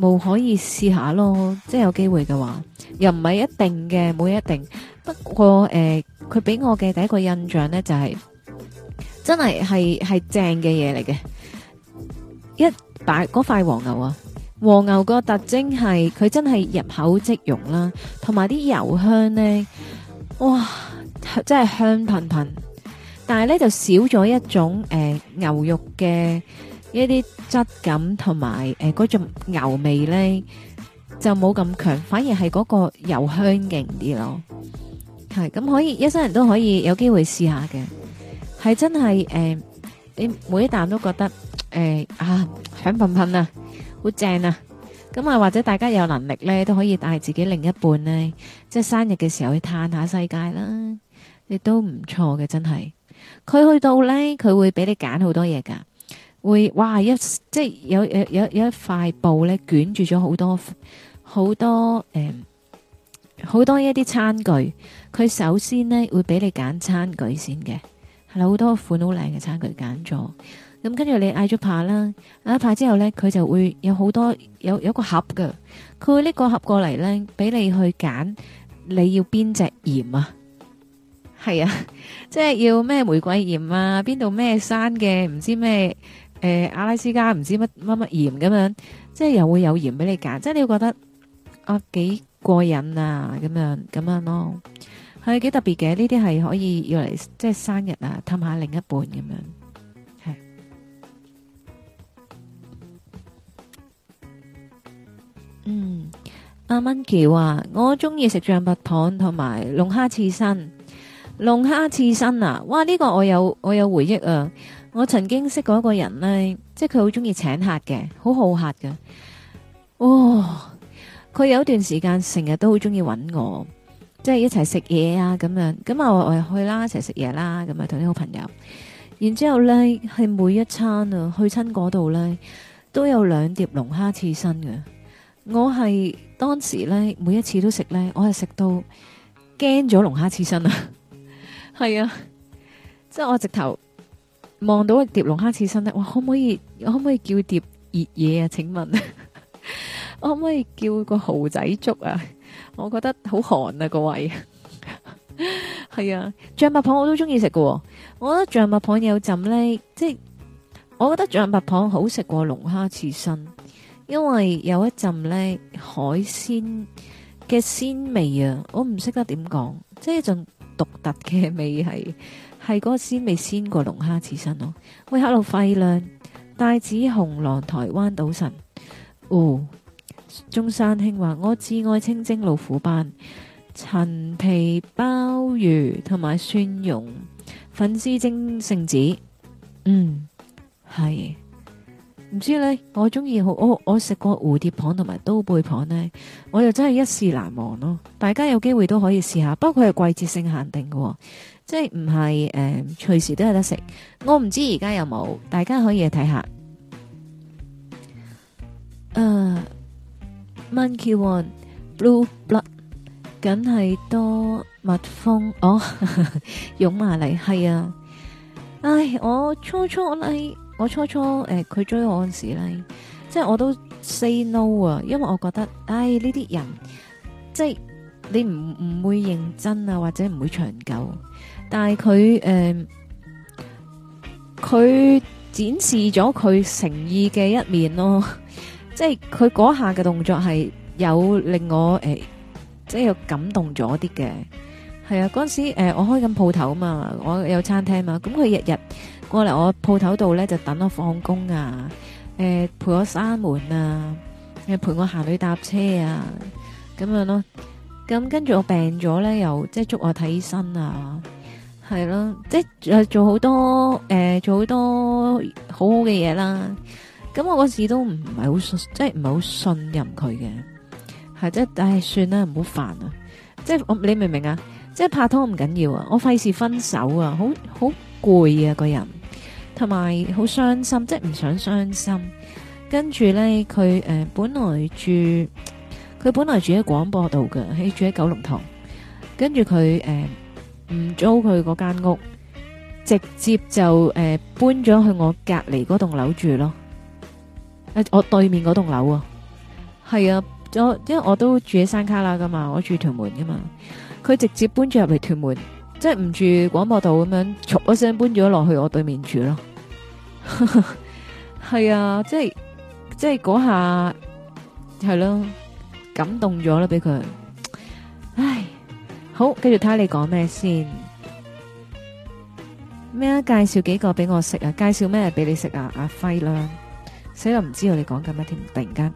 冇可以試下咯，即係有機會嘅話，又唔係一定嘅冇一定。不過、呃、佢俾我嘅第一個印象呢，就係、係、真係係正嘅嘢嚟嘅。一擺嗰塊黃牛啊，黃牛個特徵係佢真係入口即溶啦，同埋啲油香呢，哇，真係香噴噴。但係呢，就少咗一種、呃、牛肉嘅。一啲質感同埋誒，嗰種牛味咧，就冇咁強，反而係嗰個油香勁啲咯。係咁可以，一生人都可以有機會試下嘅。係真係誒，你每一啖都覺得誒啊，香噴噴啊，好正啊。咁啊，或者大家有能力咧，都可以帶自己另一半咧，即係生日嘅時候去嘆下世界啦，亦都唔錯嘅。真係。佢去到咧，佢會俾你揀好多嘢㗎。會哇！一即係有有有，有一塊布咧捲住咗好多好多誒，好、嗯、多一啲餐具。佢首先呢，會俾你揀餐具先嘅。係啦，好多款好靚嘅餐具揀咗。咁跟住你嗌咗扒啦，嗌咗扒之後呢，佢就會有好多有有一個盒噶，佢會拎個盒過嚟呢，俾你去揀你要邊隻鹽啊？係啊，即係要咩玫瑰鹽啊？邊度咩山嘅？唔知咩？誒、呃，阿拉斯加唔知乜乜乜鹽咁樣，即係又會有鹽俾你揀，即係你會覺得啊幾過癮啊咁樣咁樣咯、哦，係幾特別嘅。呢啲係可以用嚟即係生日啊，氹下另一半咁樣，係。嗯，阿蚊琪啊，我中意食象拔蚌同埋龍蝦刺身，龍蝦刺身啊，哇呢、呢個我有我有回憶啊。我曾經識過一個人呢，即係佢好中意請客嘅，好好客嘅。哦，佢有一段時間成日都好中意搵我，即係一齊食嘢啊咁樣。咁啊，我入去啦，一齊食嘢啦，咁啊同啲好朋友。然之後咧，係每一餐啊，去親嗰度呢，都有兩碟龍蝦刺身嘅。我係當時呢，每一次都食呢，我係食到驚咗龍蝦刺身啊！係 啊，即係我直頭。望到一碟龍蝦刺身咧，哇！可唔可以，可唔可以叫碟熱嘢啊？請問，我 可唔可以叫個蚝仔粥啊？我覺得好寒啊個胃，係 啊，象拔蚌我都中意食噶，我覺得象拔蚌有浸咧，即係我覺得象拔蚌好食過龍蝦刺身，因為有一浸咧海鮮嘅鮮味啊，我唔識得點講，即係一種獨特嘅味係。係嗰個鮮味鮮過龍蝦刺身咯。喂，Hello，費量，大紫紅狼台灣島神。哦，中山興話我至愛清蒸老虎斑、陳皮鮑魚同埋蒜蓉粉絲蒸聖子。嗯，係。唔知道呢，我中意我我食過蝴蝶蚌同埋刀背蚌呢，我又真係一試難忘咯。大家有機會都可以試下，不過佢係季節性限定嘅。即係唔係誒，隨、嗯、時都有得食。我唔知而家有冇，大家可以睇下。誒、uh，Monkey One Blue Blood，梗係多蜜蜂哦，湧埋嚟係啊。唉，我初初我初初誒，佢、呃、追我嗰時咧，即係我都 say no 啊，因為我覺得唉呢啲人即係你唔唔會認真啊，或者唔會長久。但係佢，誒，佢展示咗佢誠意嘅一面咯，即係佢嗰下嘅動作係有令我誒，即係有感動咗啲嘅。係啊，嗰陣時誒，我開緊鋪頭啊嘛，我有餐廳啊嘛，咁佢日日過嚟我鋪頭度咧，就等我放工啊，誒，陪我閂門啊，陪我行去搭車啊，咁樣咯。咁跟住我病咗咧，又即係捉我睇醫生啊。係咯，即係做好多誒、呃，做好多好好嘅嘢啦。咁我嗰時都唔係好信，即係唔係好信任佢嘅。係即係，唉，算啦，唔好煩啊。即係我，你明唔明啊？即係拍拖唔緊要啊，我費事分手啊，好好攰啊，個人同埋好傷心，即係唔想傷心。跟住咧，佢誒，本來住，佢本來住喺廣播度嘅，喺住喺九龍塘。跟住佢誒。呃唔租佢嗰間屋，直接就誒、呃、搬咗去我隔離嗰棟樓住咯。誒、呃，我對面嗰棟樓啊，係啊，我因為我都住喺山卡啦噶嘛，我住屯門噶嘛。佢直接搬住入嚟屯門，即係唔住廣播道咁樣，嘈一聲搬咗落去我對面住咯。係 啊，即係即係嗰下係咯、啊，感動咗啦，俾佢，唉。好，繼續睇你講咩先？咩啊？介紹幾個俾我食啊？介紹咩俾你食啊？阿輝啦，死啦唔知道你講緊乜添？突然間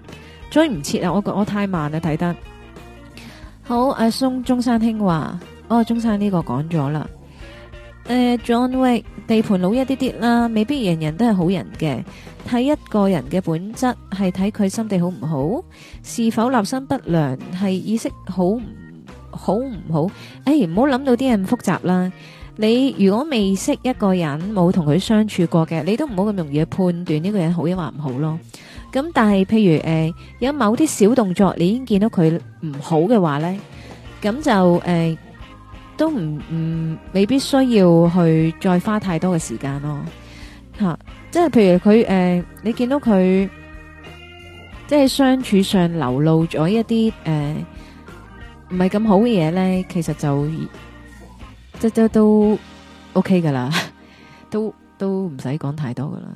追唔切啊！我覺我太慢啦，睇得好。阿松中山興話哦，中山呢個講咗啦。誒，John Wick 地盤老一啲啲啦，未必人人都係好人嘅。睇一個人嘅本質係睇佢心地好唔好，是否立身不良，係意識好唔？好唔好？誒、哎，唔好諗到啲人複雜啦。你如果未識一個人，冇同佢相處過嘅，你都唔好咁容易去判斷呢個人好抑或唔好咯。咁但係譬如誒、呃，有某啲小動作，你已經見到佢唔好嘅話呢，咁就誒、呃、都唔唔，嗯，未必需要去再花太多嘅時間咯。吓、啊，即係譬如佢誒、呃，你見到佢即係相處上流露咗一啲誒。呃唔係咁好嘅嘢咧，其實就即都 OK 噶啦，都、OK、都唔使講太多噶啦。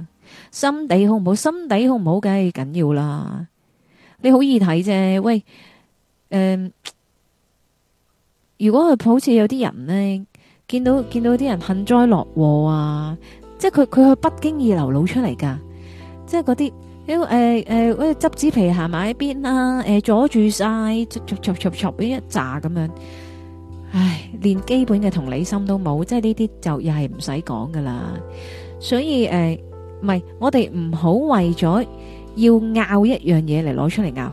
心底好唔好，心底好唔好梗係緊要啦。你好易睇啫，喂，誒、呃，如果係好似有啲人呢，見到見到啲人幸災樂禍啊，即係佢佢去不經意流露出嚟噶，即係嗰啲。屌，誒誒，執紙皮行埋一邊啦，誒，阻住晒，逐逐逐逐逐邊一炸咁樣，唉，連基本嘅同理心都冇，即係呢啲就又係唔使講噶啦。所以誒，唔係我哋唔好為咗要拗一樣嘢嚟攞出嚟拗，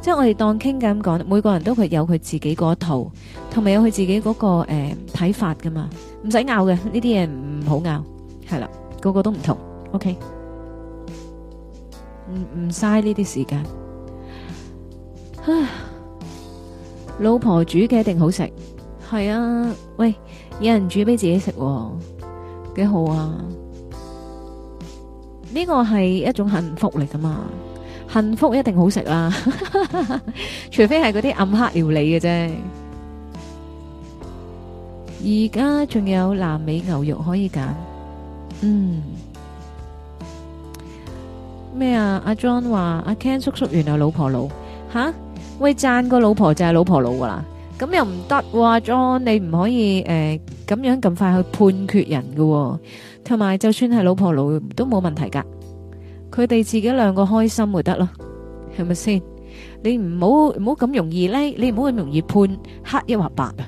即係我哋當傾咁講，每個人都佢有佢自己嗰一套，同埋有佢自己嗰個誒睇法噶嘛，唔使拗嘅，呢啲嘢唔好拗，係啦，個個都唔同，OK。唔唔嘥呢啲時間，啊！老婆煮嘅一定好食，係啊！喂，有人煮俾自己食，幾好啊！呢個係一種幸福嚟噶嘛，幸福一定好食啦，除非係嗰啲暗黑料理嘅啫。而家仲有南美牛肉可以揀，嗯。咩啊？阿 John 話阿 Ken 叔叔原來老婆佬，吓、啊，喂，讚個老婆就係老婆佬噶啦，咁又唔得喎。John，你唔可以誒咁、呃、樣咁快去判決人噶、哦，同埋就算係老婆佬都冇問題噶，佢哋自己兩個開心咪得咯，係咪先？你唔好唔好咁容易咧，你唔好咁容易判黑一或白啊，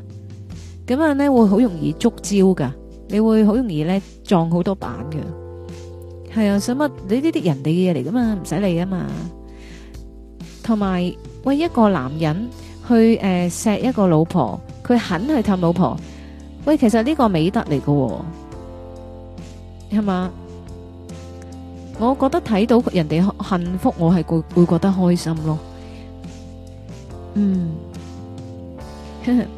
咁樣咧會好容易捉焦噶，你會好容易咧撞好多板嘅。係啊，想乜？你呢啲人哋嘅嘢嚟噶嘛，唔使理啊嘛。同埋，喂，一個男人去誒錫一個老婆，佢肯去氹老婆，喂，其實呢個美德嚟噶，係嘛？我覺得睇到人哋幸福，我係會會覺得開心咯。嗯，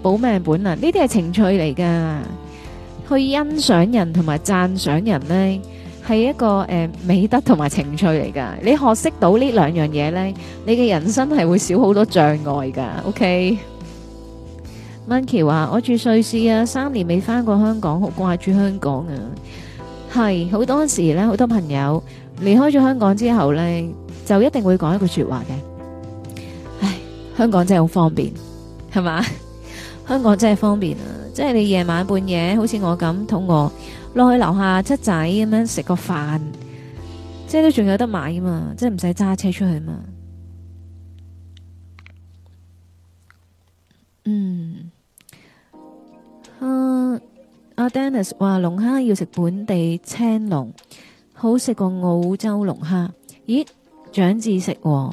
保命本能，呢啲係情趣嚟噶，去欣賞人同埋讚賞人咧。係一個誒美德同埋情趣嚟噶，你學識到呢兩樣嘢咧，你嘅人生係會少好多障礙噶。O K，Monkey 話，我住瑞士啊，三年未翻過香港，好掛住香港啊。係好多時咧，好多朋友離開咗香港之後咧，就一定會講一句說話嘅。唉，香港真係好方便，係嘛？香港真係方便啊！即係你夜晚半夜，好似我咁肚餓。落去樓下七仔咁樣食個飯，即係都仲有得買嘛，即係唔使揸車出去嘛。嗯，啊、uh, 阿 Dennis 話龍蝦要食本地青龍，好食過澳洲龍蝦。咦，長知識，啊？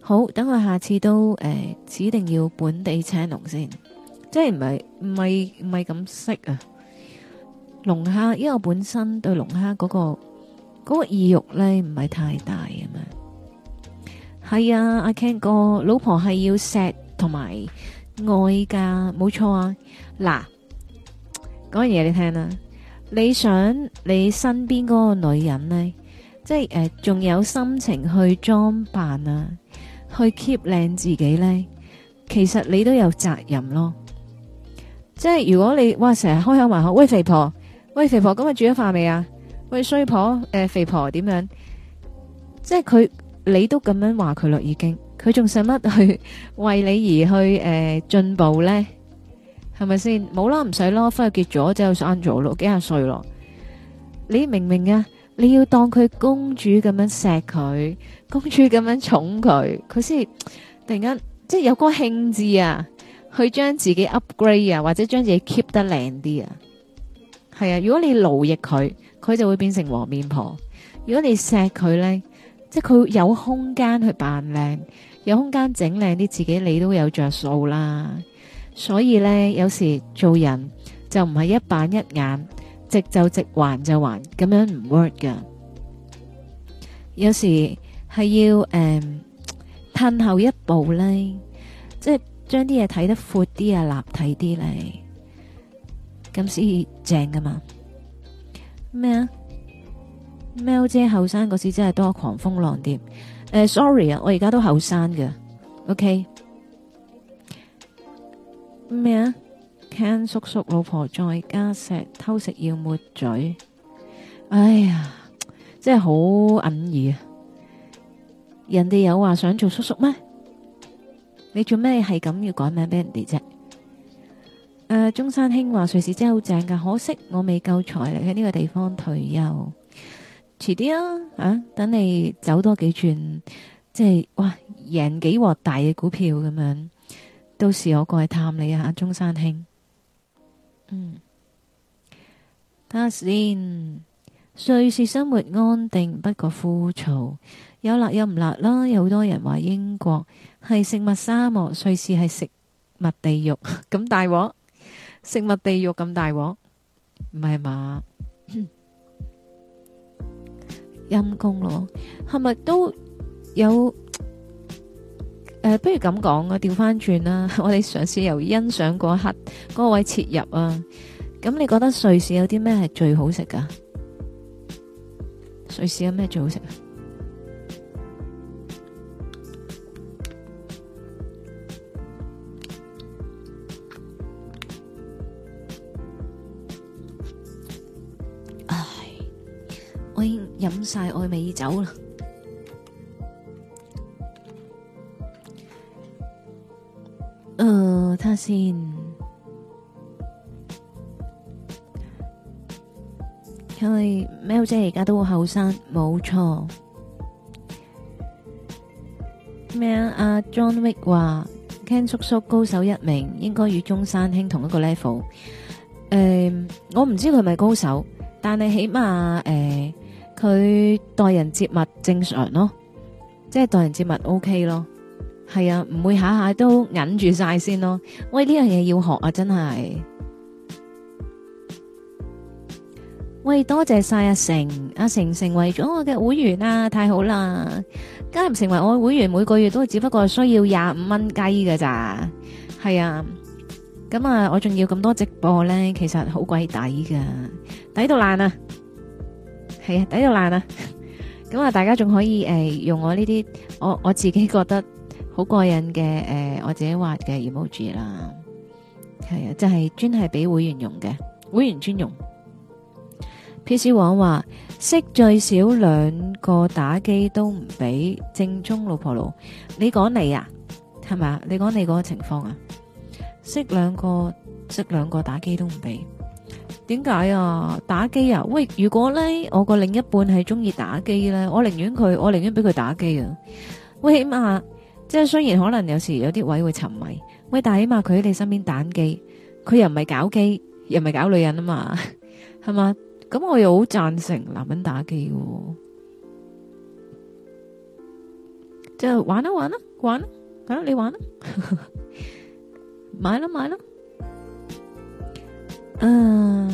好，等我下次都誒、呃、指定要本地青龍先，即係唔係唔係唔係咁識啊？龍蝦，因為我本身對龍蝦嗰個、嗰個意欲咧唔係太大啊嘛，係啊，阿 Ken 哥，老婆係要錫同埋愛噶，冇錯啊。嗱，講嘢你聽啦，你想你身邊嗰個女人咧，即係誒仲有心情去裝扮啊，去 keep 靚自己咧，其實你都有責任咯。即係如果你哇成日開口埋口，喂，肥婆。喂，肥婆，今日煮咗飯未啊？喂，衰婆，誒、呃，肥婆點樣？即係佢，你都咁樣話佢咯，已經，佢仲使乜去為你而去誒、呃、進步呢？係咪先？冇啦，唔使啦，婚又結咗，就生咗咯，幾廿歲咯。你明明啊，你要當佢公主咁樣錫佢，公主咁樣寵佢，佢先突然間即係有個興致啊，去將自己 upgrade 啊，或者將自己 keep 得靚啲啊。係啊，如果你勞役佢，佢就會變成黃面婆；如果你錫佢呢，即係佢有空間去扮靚，有空間整靚啲自己，你都有着數啦。所以呢，有時做人就唔係一板一眼，直就直，橫就橫，橫就橫，咁樣唔 work 噶。有時係要誒，褪、呃、後一步呢，即係將啲嘢睇得闊啲啊，立體啲呢。咁先正噶嘛？咩啊？喵姐後生嗰時真係多狂蜂浪蝶。誒，sorry 啊，我而家都後生噶。ok 咩啊？Ken 叔叔老婆再加食偷食要抹嘴。哎呀，真係好哽耳啊！人哋有話想做叔叔咩？你做咩係咁要改名俾人哋啫？誒、呃，中山興話瑞士真係好正噶可惜我未夠財力喺呢個地方退休。遲啲啊，啊，等你走多幾轉，即係哇，贏幾鑊大嘅股票咁樣，到時我過去探你啊，中山興。嗯，睇下先。瑞士生活安定，不過枯燥，有辣有唔辣啦。有好多人話英國係食物沙漠，瑞士係食物地獄，咁大鑊。食物地獄咁大鑊，唔係嘛？陰公咯，係 咪都有？誒、呃，不如咁講啊，調返轉啦！我哋嘗試由欣賞嗰刻，嗰、嗰個、位切入啊。咁你覺得瑞士有啲咩係最好食㗎？瑞士有咩最好食？飲晒愛美酒啦。誒，睇下先。因為喵姐而家都好後生，冇錯。咩啊？阿 John Wick 話 Ken 叔叔高手一名，應該與中山兄同一個 level。誒，我唔知佢係咪高手，但係起碼誒。佢待人接物正常咯，即係待人接物 O K 咯，係啊，唔會下下都忍住晒先咯。喂，呢樣嘢要學啊，真係。喂，多謝晒阿成，阿成成為咗我嘅會員啊，太好啦！加入成為我會員，每個月都只不過需要廿五蚊雞噶咋，係啊。咁啊，我仲要咁多直播咧，其實好鬼抵噶，抵到爛啊！係啊，抵到爛啦。咁啊，大家仲可以誒、呃、用我呢啲，我我自己覺得好過癮嘅誒，我自己畫嘅 emoji 啦。係啊，就係專係俾會員用嘅，會員專用。P C 王話識最少兩個打機都唔俾正宗老婆佬。你講你啊，係咪？你講你嗰個情況啊？識兩個，識兩個打機都唔俾。點解啊？打機啊？喂，如果咧我個另一半係中意打機咧，我寧願佢，我寧願俾佢打機啊！喂，起碼即係雖然可能有時有啲位會沉迷，喂，但起碼佢喺你身邊打機，佢又唔係搞機，又唔係搞女人啊嘛，係嘛？咁我又好贊成男人打機嘅，啊，即係玩啦，啊，玩啦，啊，玩啦、啊，啊你玩啦，啊， 買啦買啦。嗯、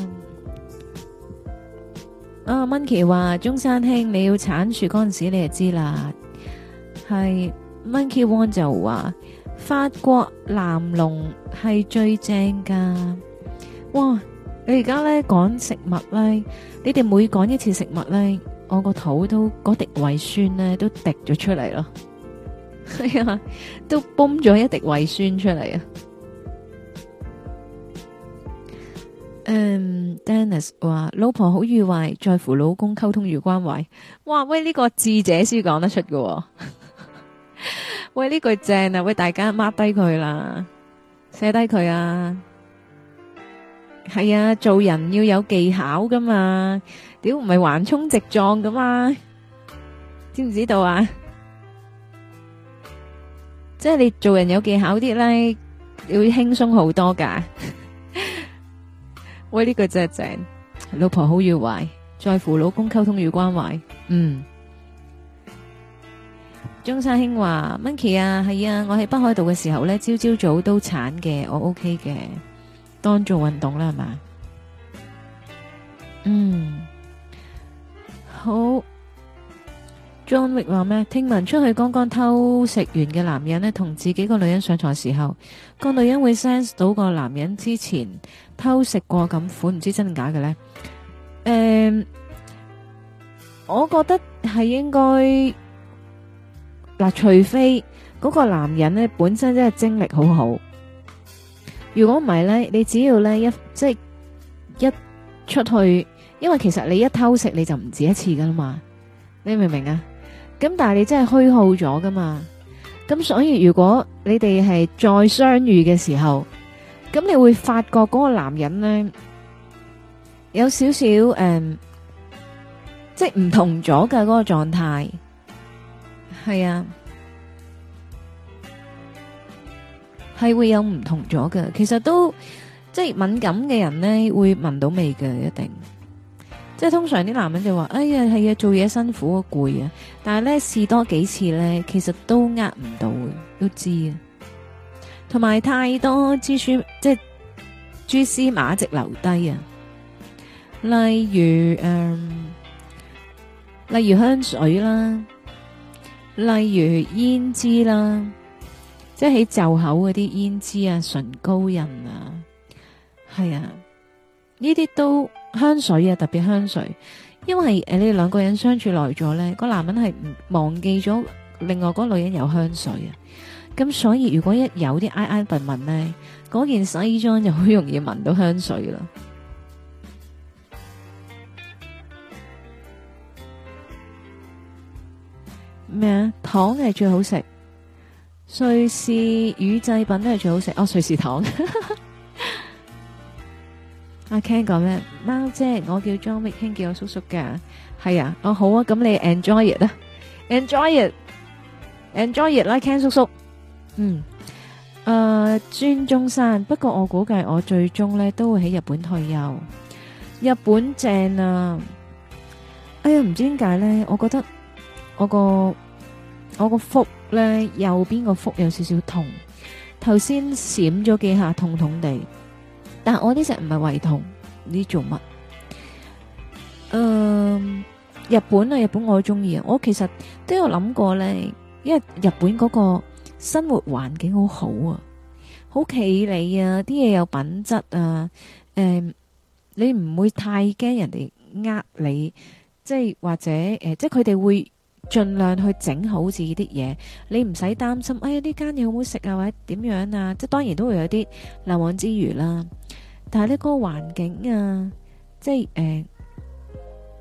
uh, oh，啊，Monkey 話中山兄你要鏟樹嗰陣時，你就知啦。係 Monkey One 就話法國藍龍係最正噶。哇！你而家咧講食物咧，你哋每講一次食物咧，我個肚都嗰滴胃酸咧都滴咗出嚟咯。係啊，都泵咗一滴胃酸出嚟啊！嗯、um,，Dennis 話老婆好與壞，在乎老公溝通與關懷。哇，喂，呢、這個智者先講得出噶、哦。 喂，呢句正啊，喂，大家 mark 低佢啦，寫低佢啊。係啊，做人要有技巧噶嘛，屌唔係橫衝直撞噶嘛，知唔知道啊？即係你做人有技巧啲咧，你會輕鬆好多噶。喂，呢個真係正，老婆好與壞，在乎老公溝通與關懷。嗯，中山興話 m i n k y 啊，係啊，我喺北海道嘅時候呢，朝朝早都鏟嘅，我 OK 嘅，當做運動啦，係嘛？嗯，好。John Wick 話咩？聽聞出去剛剛偷食完嘅男人呢，同自己個女人上床時候，個女人會 sense 到個男人之前。偷食過咁款，唔知真定假嘅咧，誒，我覺得係應該嗱，除非嗰個男人咧本身真係精力好好，如果唔係咧，你只要咧一即係一出去，因為其實你一偷食你就唔止一次噶啦嘛，你明唔明啊？咁但係你真係虛耗咗噶嘛，咁所以如果你哋係再相遇嘅時候，咁你會發覺嗰個男人咧有少少誒，即係唔同咗嘅嗰個狀態，係啊，係會有唔同咗嘅。其實都即係敏感嘅人咧會聞到味嘅，一定。即係通常啲男人就話：哎呀，係啊，做嘢辛苦啊，攰啊。但係咧試多幾次咧，其實都呃唔到嘅，都知啊。同埋太多蜘蛛即係蛛絲馬跡留低啊！例如，嗯，例如香水啦，例如胭脂啦，即係喺袖口嗰啲胭脂啊、唇膏印啊，係啊，呢啲都香水啊，特別香水，因為誒，你哋兩個人相處耐咗咧，個男人係唔忘記咗另外嗰女人有香水啊。咁所以如果一有啲挨挨笨笨咧，嗰件西裝就好容易聞到香水啦。咩啊？糖係最好食，瑞士乳製品都係最好食哦。瑞士糖。阿 Ken 講咩？貓姐，我叫 John Wick，Ken 叫我叔叔噶。係啊，哦好啊，咁你 enjoy it 啦，enjoy it，enjoy it 啦，Ken 叔叔。嗯，誒，孫中山。不過我估計我最終咧都會喺日本退休。日本正啊，哎呀，唔知點解咧，我覺得我個我個腹咧，右邊個腹有少少痛，頭先閃咗幾下，痛痛地。但我呢隻唔係胃痛，呢啲做乜？嗯，日本啊，日本我都中意啊。我其實都有諗過咧，因為日本嗰個。生活環境好好啊，好企理啊，啲嘢有品質啊，誒、嗯，你唔會太驚人哋呃你，即係或者誒，即係佢哋會盡量去整好自己啲嘢，你唔使擔心，哎呀，呢間嘢好唔好食啊，或者點樣啊，即係當然都會有啲漏網之餘啦、啊，但係呢個環境啊，即係誒，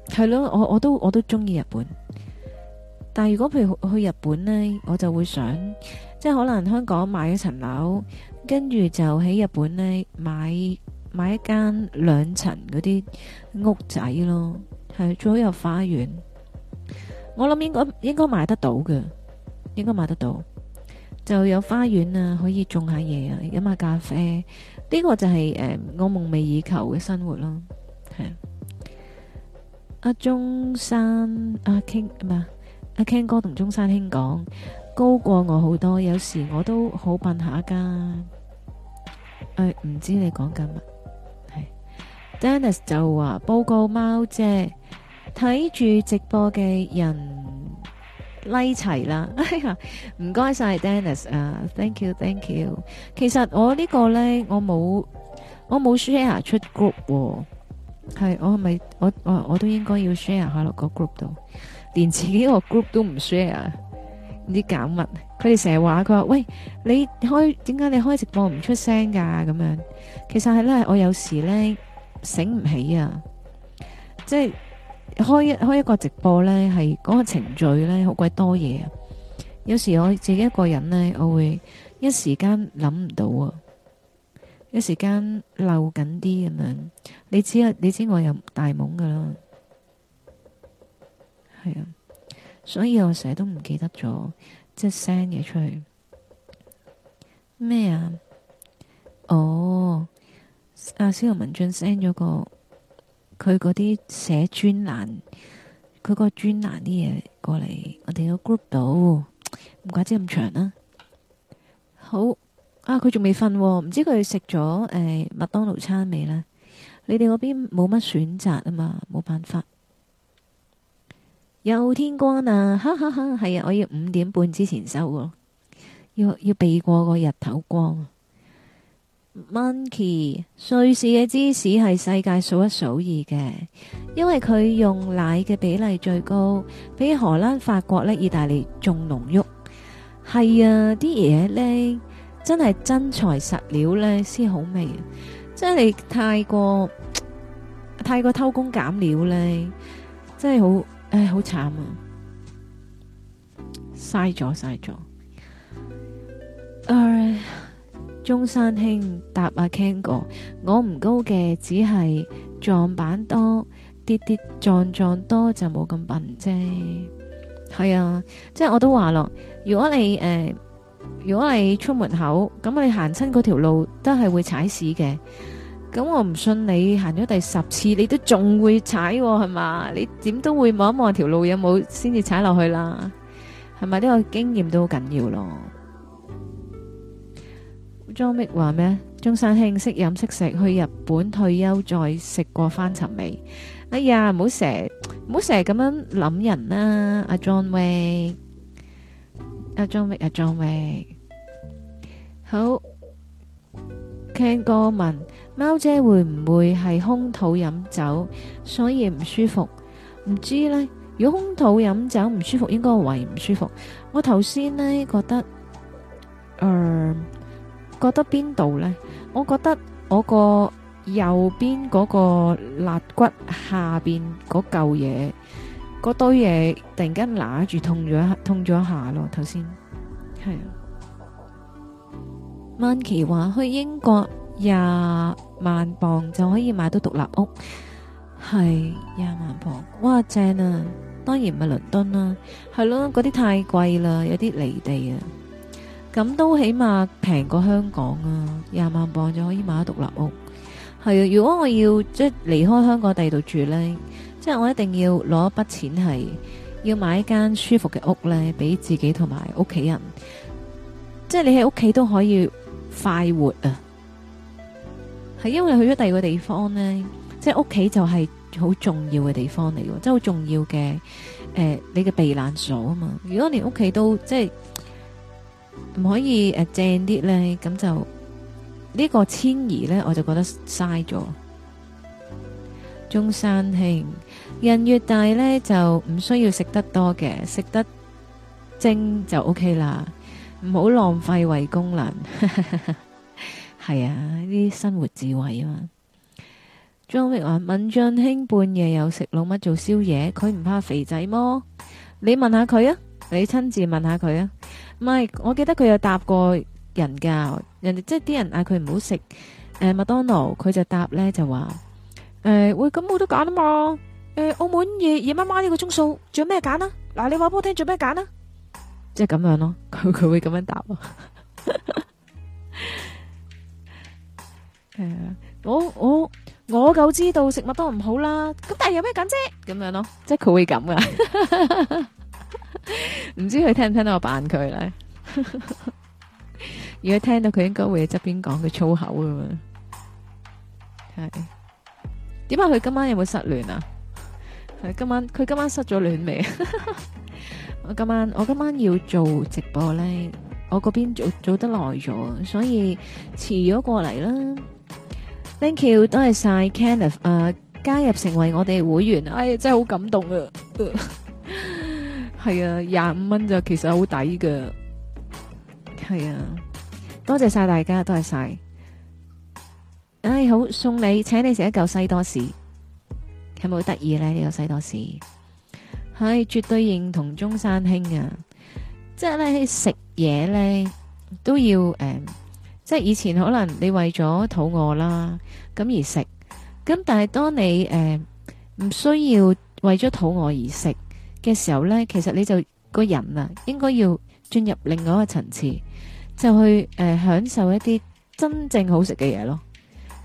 係、嗯、咯，我我都我都中意日本，但係如果譬如去日本呢，我就會想。即係可能香港買一層樓，跟住就喺日本咧買買一間兩層嗰啲屋仔咯，係最好有花園。我諗應該應該買得到嘅，應該買得到，就有花園啊，可以種下嘢啊，飲下咖啡。呢個就係誒我夢寐以求嘅生活咯，係啊。阿中山阿 King 唔係阿 King 哥同中山兄講。高過我好多，有時我都好笨下㗎。誒、哎，唔知你講緊乜？係，Dennis 就話報告貓姐睇住直播嘅人拉齊啦。哎、like、呀，唔該晒，Dennis 啊、uh，thank you，thank you thank you。其實我呢個呢，我冇我冇 share 出 group，係我係咪我我我都應該要 share 下落個 group 度，連自己個 group 都唔 share。啲搞乜，佢哋成日話佢話，喂，你開，點解你開直播唔出聲噶咁樣？其實係咧，我有時咧醒唔起啊，即係開一開一個直播咧，係嗰個程序咧好鬼多嘢啊。有時我自己一個人咧，我會一時間諗唔到啊，一時間漏緊啲咁樣。你知啊，你知我有大懵噶啦，係啊。所以我成日都唔記得咗，即係 send 嘢出去咩啊？哦、oh, 啊，阿司徒文進 send 咗個佢嗰啲寫專欄，佢個專欄啲嘢過嚟，我哋個 group 度唔怪之咁長啦、啊。好啊，佢仲未瞓，唔知佢食咗誒麥當勞餐未呢？你哋嗰邊冇乜選擇啊嘛，冇辦法。又天光啊！哈哈哈，係啊！我要五點半之前收咯，要要避過個日頭光。Monkey，瑞士嘅芝士係世界數一數二嘅，因為佢用奶嘅比例最高，比荷蘭、法國咧、意大利仲濃郁。係啊，啲嘢呢，真係真材實料呢，先好味，真係太過太過偷工減料呢，真係好。唉、哎，好慘啊！嘥咗，嘥咗！唉、uh，中山兄搭阿、啊、Ken 哥，我唔高嘅，只係撞板多，跌跌撞撞多就沒那麼，就冇咁笨啫。係 啊，即係我都話咯，如果你誒，uh, 如果你出門口，咁你行親嗰條路都係會踩屎嘅。咁我唔信你行咗第十次，你都仲會踩喎，係嘛？你點都會望一望條路有冇先至踩落去啦，係咪？呢個經驗都好緊要咯。John Wick 話咩？中山慶識飲識食，去日本退休再食過翻尋味。哎呀，唔好成日唔好成日咁樣諗人啦，阿 John Wick，阿 John Wick，阿 John Wick，好聽歌文。貓姐會唔會係空肚飲酒，所以唔舒服？唔知咧。如果空肚飲酒唔舒服，應該胃唔舒服。我頭先咧覺得，嗯，覺得邊度咧？我覺得我個右邊嗰個肋骨下邊嗰嚿嘢，嗰堆嘢突然間拿住痛咗，痛咗一下咯。頭先係。Monkey 話去英國呀。萬磅就可以買到獨立屋，係廿萬磅，哇正啊！當然唔係倫敦啦，係咯，嗰啲太貴啦，有啲離地啊。咁都起碼平過香港啊，廿萬磅就可以買到獨立屋。係啊，如果我要即係離開香港第二度住呢，即係我一定要攞一筆錢，係要買一間舒服嘅屋呢，俾自己同埋屋企人，即係你喺屋企都可以快活啊！係因為去咗第二個地方咧，即係屋企就係好重要嘅地方嚟，即係好重要嘅誒，你嘅避難所啊嘛。如果連屋企都即係唔可以誒正啲咧，咁就呢個遷移咧，我就覺得嘥咗。中山慶，人越大咧就唔需要食得多嘅，食得精就 OK 啦，唔好浪費胃功能。係啊，呢啲生活智慧啊！張碧雲、敏俊興半夜又食老麥做宵夜，佢唔怕肥仔麼？你問下佢啊，你親自問下佢啊。唔係，我記得佢有答過人噶，人哋即係啲人嗌佢唔好食誒麥當勞，佢就答咧就話誒會咁我都揀啊嘛。誒、欸、澳門夜夜媽媽呢個鐘數，仲有咩揀啊？嗱，你話俾我聽，做咩揀啊？即係咁樣咯，佢佢會咁樣答啊。我,我,我夠知道食物都唔好啦,但係有咩緊啫?咁樣囉,即係佢會咁㗎,哈哈哈,唔知佢聽唔聽到我扮佢啦,如果佢聽到佢應該會喺側邊講佢粗口㗎嘛,係,點解佢今晚有冇失戀呀? Thank you，多謝晒 Kenneth，誒、uh, 加入成為我哋會員，哎真係好感動、呃、 係啊！係啊，廿五蚊就其實好抵㗎，係啊，多謝晒大家，多謝晒。哎好，送你，請你食一嚿西多士，係咪有冇得意呢？呢、呢個西多士係絕對認同中山兄啊！即係咧食嘢咧都要誒。呃即係以前可能你為咗肚餓啦咁而食，咁但係當你誒唔、呃、需要為咗肚餓而食嘅時候呢，其實你就個人啊應該要進入另外一個層次，就去誒、呃、享受一啲真正好食嘅嘢咯，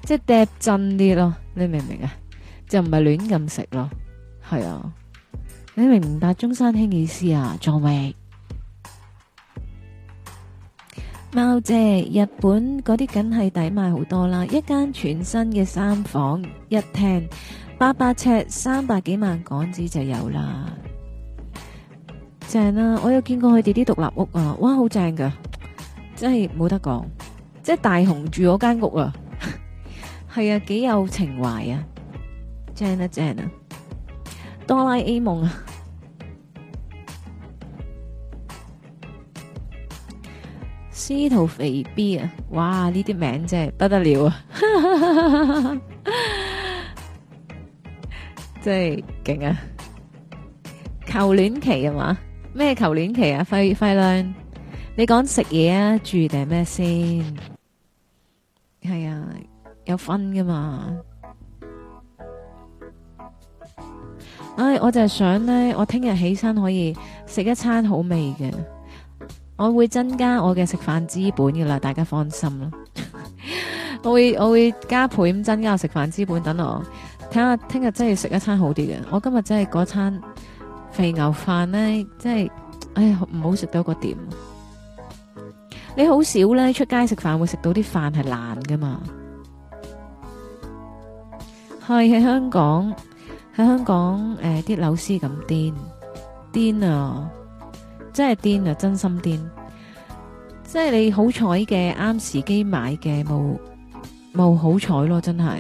即係揼真啲咯，你明唔明啊？就唔係亂咁食咯，係啊，你明唔明白中山兄意思啊？壯偉。貓姐，日本嗰啲梗係抵買好多啦，一間全新嘅三房一廳，八百尺，三百幾萬港紙就有啦，正啊！我有見過佢哋啲獨立屋啊，哇，好正噶，真係冇得講，即係大雄住嗰間屋啊，係 啊，幾有情懷啊，正啊正啊，哆啦 A 夢啊！司徒肥 B 啊，哇！呢啲名真係不得了啊， 真係勁啊！求戀期啊嘛，咩求戀期啊？費費量，你講食嘢啊，住定咩先？係啊，有分噶嘛？唉、哎，我就係想呢，我聽日起身可以食一餐好味嘅。我會增加我嘅食飯資本嘅啦，大家放心啦。 我會我會加倍咁增加我食飯資本，等我睇下聽日真係食一餐好啲嘅。我今日真係嗰餐肥牛飯呢，真係，哎呀唔好食到個點。你好少呢出街食飯會食到啲飯係爛噶嘛？係喺香港喺香港誒，啲、呃、老師咁癲癲啊！真係癲啊！真心癲，即係你好彩嘅，啱時機買嘅冇冇好彩咯，真係。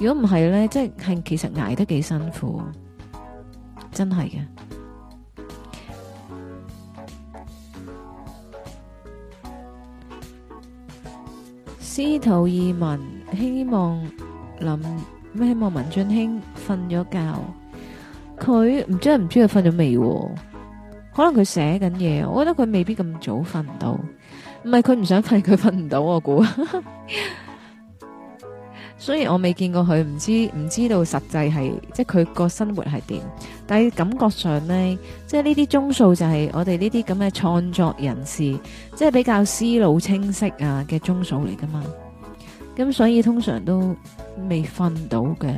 如果唔係咧，即係其實捱得幾辛苦，真係嘅。 司徒二文希望諗咩？希望，希望文俊卿瞓咗覺，佢唔知唔知佢瞓咗未。可能佢寫緊嘢，我覺得佢未必咁早瞓，唔到，唔係佢唔想瞓，佢瞓唔到我估。雖然我未見過佢，唔知唔知道實際係即係佢個生活係點，但係感覺上呢，即係呢啲鐘數就係我哋呢啲咁嘅創作人士，即係比較思路清晰啊嘅鐘數嚟㗎嘛。咁所以通常都未瞓到嘅。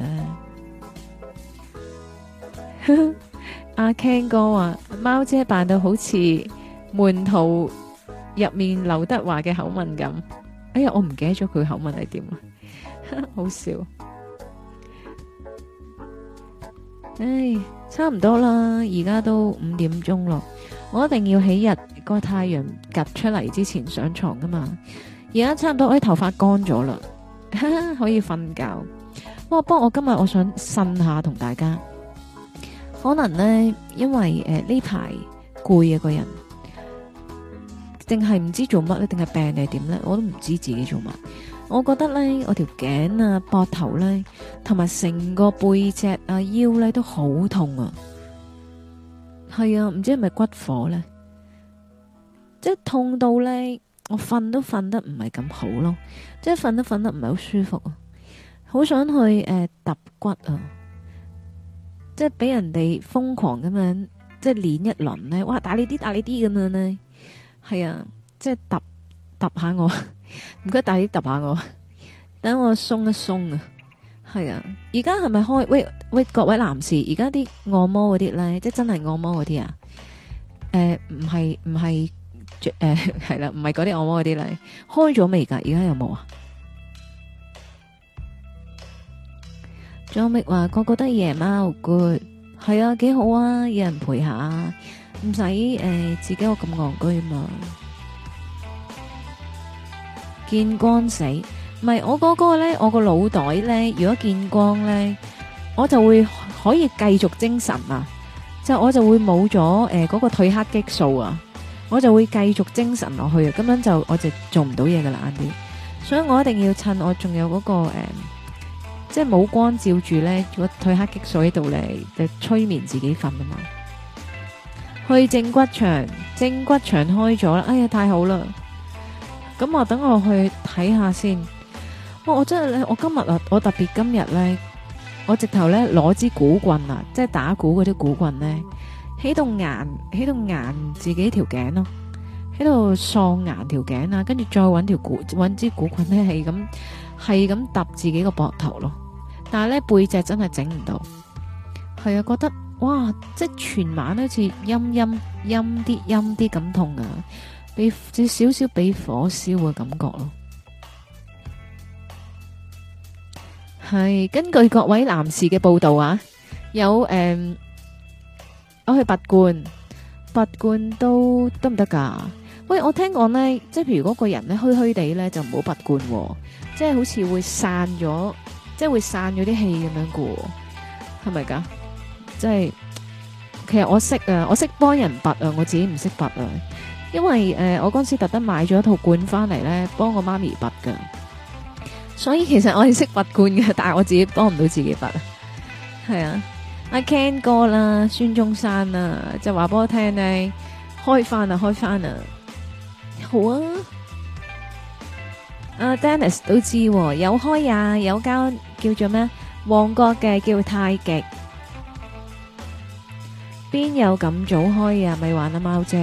阿、啊、Ken 哥話：貓姐扮到好似門徒入面劉德華嘅口吻咁。哎呀，我唔記得咗佢口吻係點呀， 好笑。唉、哎，差唔多啦，而家都五點鐘咯。我一定要起日，個太陽夾出嚟之前，上床噶嘛。而家差唔多我啲，哎，頭髮乾咗啦， 可以瞓覺。不過，不過我今日我想呻下同大家。可能咧，因為誒呢排攰啊個人，定係唔知做乜咧，定係病定係點咧，我都唔知自己做乜。我覺得咧，我條頸啊、膊頭咧，同埋成個背脊啊、腰咧，都好痛啊。係啊，唔知係咪骨火咧，即係痛到咧，我瞓都瞓得唔係咁好咯，即係瞓都瞓得唔係好舒服啊，好想去誒揼骨啊！即係俾人哋瘋狂咁樣，即係捻一輪咧，哇！打你啲，打你啲咁樣咧，係啊，即係揼揼下我，唔該大力揼下我，等我鬆一鬆啊，係啊，而家係咪開？喂喂，各位男士，而家啲按摩嗰啲咧，即係真係按摩嗰啲、呃呃、啊？誒、啊，唔係唔係，誒係啦，唔係嗰啲按摩嗰啲啦，開咗未噶？而家有冇啊？張密話個個得夜貓，佢係啊，幾好啊，有人陪下，唔使誒自己我咁戇居嘛。見光死，唔係我嗰個咧，我個腦袋咧，如果見光咧，我就會可以繼續精神啊，就我就會冇咗誒嗰個褪黑激素啊，我就會繼續精神落去啊，咁樣就我就做唔到嘢噶啦晏啲，所以我一定要趁我仲有嗰個誒。即係冇光照住咧，如果褪黑激素喺度咧，就催眠自己瞓啊嘛。去正骨場，正骨場開咗啦，哎呀，太好啦！咁我等我去睇下先。我我真係，我今日啊，我特別今日咧，我直頭咧攞支鼓棍啊，即係打鼓嗰啲鼓棍咧，喺度按喺度按自己條頸咯，喺度喪按條頸啊，跟住再搵條鼓搵支鼓棍咧，係咁係咁揼自己個膊頭咯。但係咧背脊真係整唔到，係啊覺得哇，即係全晚都好似陰陰陰啲陰啲咁痛噶，俾少少俾火燒嘅感覺咯。係根據各位男士嘅報道啊，有誒，我去拔罐，拔罐都得唔得噶？喂，我聽講咧，即係譬如個人咧虛虛地咧，就唔好拔罐，即係好似會散咗。即係會散咗啲氣咁樣噶，係咪噶？即係其實我識啊，我識幫人拔啊，我自己唔識拔啊。因為誒、呃，我嗰陣時特登買咗一套罐翻嚟咧，幫我媽咪拔噶。所以其實我係識拔罐嘅，但係我自己幫唔到自己拔。係啊，阿 Ken 哥啦，孫中山啦，就話畀我聽咧，開翻啊，開翻啊，好啊。阿、uh, Dennis 都知道、哦，有開呀，有間叫做咩旺角嘅叫泰極，邊有咁早開呀？咪玩阿貓啫，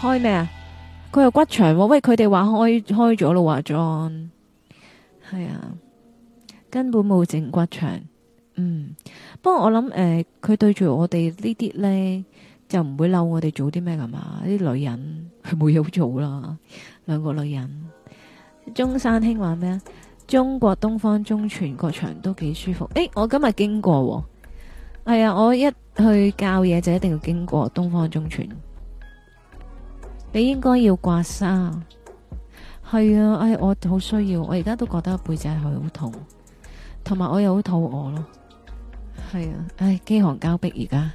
開咩啊？佢有骨場喎、哦，喂，佢哋話開開咗咯，話裝係啊，根本冇整骨場。嗯，不過我諗誒，佢、呃、對住我哋呢啲咧，就唔會嬲我哋做啲咩噶嘛，啲女人佢冇嘢好做啦，兩個女人。中山興話咩啊？中國東方中全個場都幾舒服。誒、欸，我今日經過、哦，係啊，我一去教嘢，就一定要經過東方中全。你應該要刮痧。係啊，哎，我好需要，我而家都覺得背脊係好痛，同埋我又好肚餓咯。係啊，哎，饑寒交迫，而家。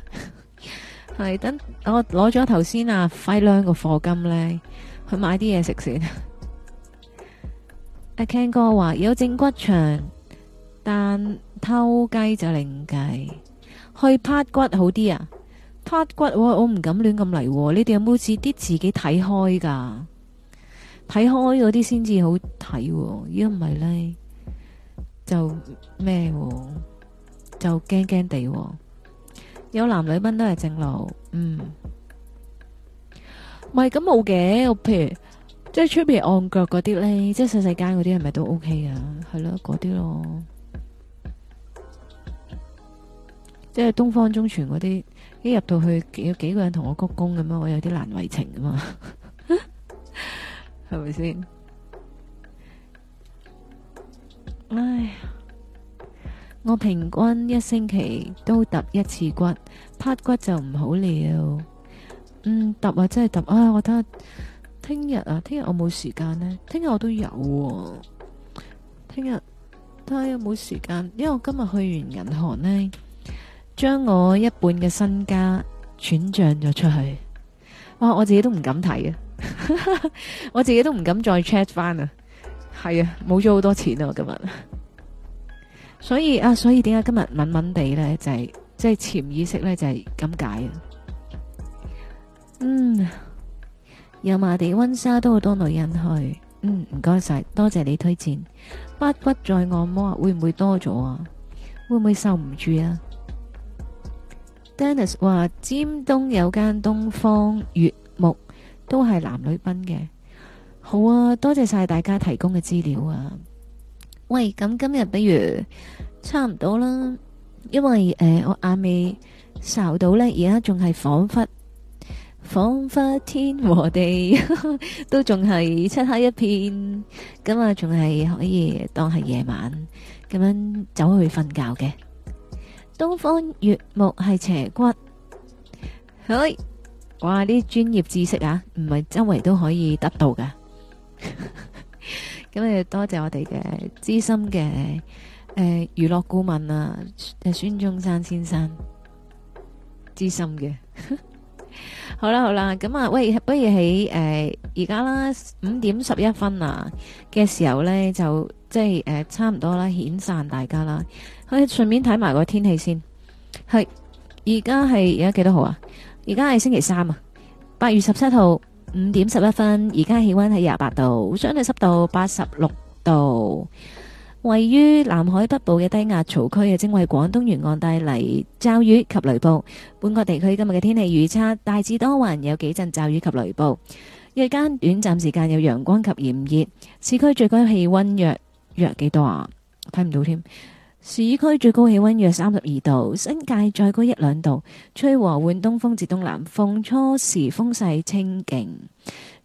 係， 等我攞咗頭先啊輝亮個課金呢，去買啲嘢食先。聽哥話有正骨場，但偷雞就另計。去拍骨好啲啊？拍骨、哦、我唔敢亂咁嚟。你哋有冇似啲自己睇開㗎？睇開嗰啲先至好睇，如果唔係呢，就咩、啊？就驚驚地。有男女賓都係正路，嗯，唔係咁冇嘅。我譬如。即係出邊按腳嗰啲呢，即係細細間嗰啲係咪都 OK 啊？係咯，嗰啲咯。即係東方中傳嗰啲，一入到去有幾個人同我鞠躬咁樣，我有啲難為情啊嘛，係咪先？唉，我平均一星期都揼一次骨，拍骨就唔好了。嗯，揼啊，真係揼啊，我覺得。聽日啊，聽日我冇時間呢。聽日我都有、啊，聽日睇下有冇時間。因為我今日去完銀行呢，將我一半嘅身家轉賬咗出去。哇，我自己都唔敢睇啊， 我自己都唔敢再 check 翻啊。係啊，冇咗好多錢啊，我今日。所以啊，所以點解今日悶悶地呢？就係即係潛意識呢，就係咁解啊。嗯。油麻地温莎都好多女人去，嗯，唔該晒，多謝你推薦。八骨再按摩會唔會多咗啊？會唔會受唔住啊？Dennis 話尖東有間東方悦木都係男女賓嘅，好啊，多謝晒大家提供嘅資料啊。喂，咁今日不如差唔多啦，因為誒、呃、我眼尾受到呢，而家仲係恍惚。仿佛天和地都仲係漆黑一片，咁啊仲係可以當係夜晚咁樣走去瞓覺嘅東方月木係斜骨，係，哇啲專業知識啊，唔係周圍都可以得到噶。咁啊多謝我哋嘅資深嘅、誒娛樂顧問啊，誒孫中山先生，資深嘅。好啦好啦，咁啊，喂，不如喺誒而家啦，五點十一分啊嘅時候呢，就即係誒、呃、差唔多啦，遣散大家啦。可以順便睇埋個天氣先。係而家係而家幾多號啊？而家係星期三啊，八月十七號五點十一分。而家氣溫係廿八度，相對濕度八十六度。位於南海北部嘅低壓槽區啊，正為廣東沿岸帶嚟驟雨及雷暴。本港地區今日嘅天氣預測大致多雲，有幾陣驟雨及雷暴。日間短暫時間有陽光及炎熱，啊。市區最高氣溫約約幾多啊？睇唔到添。市區最高氣溫約三十二度，新界再高一兩度。吹和緩東風至東南風，初時風勢清勁。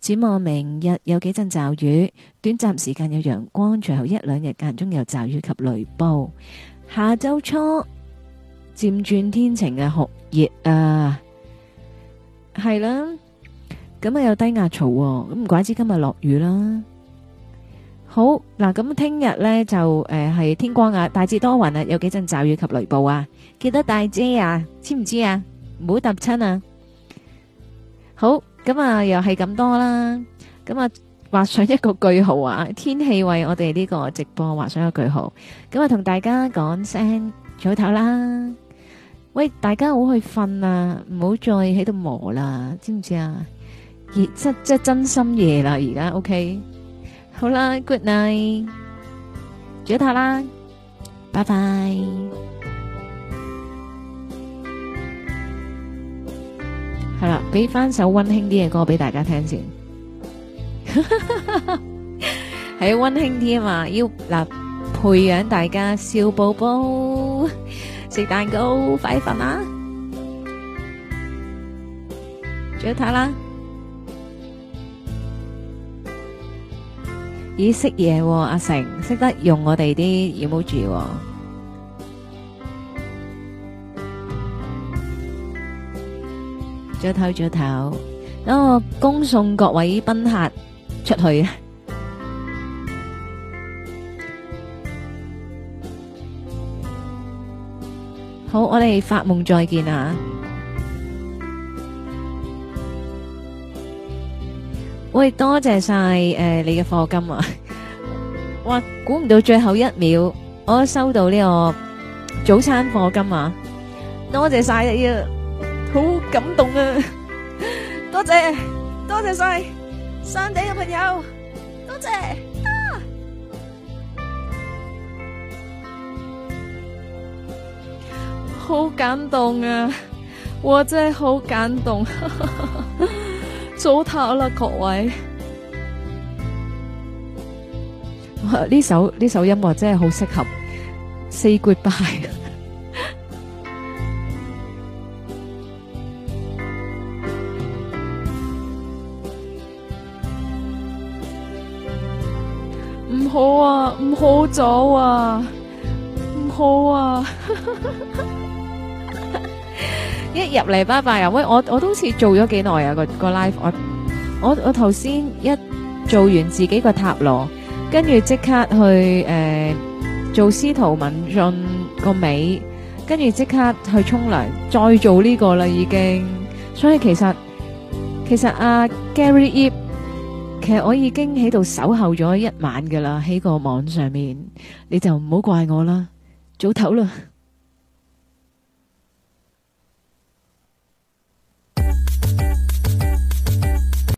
展望明日有幾陣驟雨，短暫時間有陽光，最後一兩日間中有驟雨及雷暴。下周初漸轉天晴嘅、啊、酷熱啊，係啦，咁啊有低壓槽、啊，咁唔怪之今日落雨啦。好嗱，咁聽日呢就誒係、呃、天光啊，大致多雲啊，有幾陣驟雨及雷暴啊，記得帶遮啊，知唔知啊？唔好踏親啊。好。咁啊，又係咁多啦。咁啊，畫上一個句號啊！天喵為我哋呢個直播畫上一個句號。咁啊，同大家講聲早唞啦。喂，大家好去瞓啊，唔好再喺度磨啦，知唔知啊？熱真即係真心夜啦，而家 OK。好啦，Good night，早唞啦，拜拜。係啦，俾翻首温馨啲嘅歌俾大家聽先，係 温馨啲啊嘛，要嗱培養大家笑寶寶，食蛋糕，快瞓啊仲着睇啦，咦識嘢、啊、阿成，識得用我哋啲 emoji。都偷咗頭，等我恭送各位賓客出去啊！好，我哋發夢再見啊！喂，多謝晒，誒你嘅課金啊！哇，估唔到最後一秒，我收到呢個早餐課金啊！多謝晒啊！好感動啊！多謝多謝晒，上帝嘅朋友，多謝啊！好感動啊，我真係好感動，早唞啦各位。呢首呢首音樂真係好適合，Say Goodbye。好啊，唔好走啊，唔好啊！一入嚟拜拜，又喂我，我都似做咗幾耐啊個個 live，我我我頭先一做完自己個塔羅，跟住即刻去誒做司徒文進個尾，跟住即刻去沖涼，再做呢個啦已經，所以其實其實阿 Gary 葉。其實我已經喺度守候咗一晚噶啦，喺個網上面，你就唔好怪我啦，早唞啦。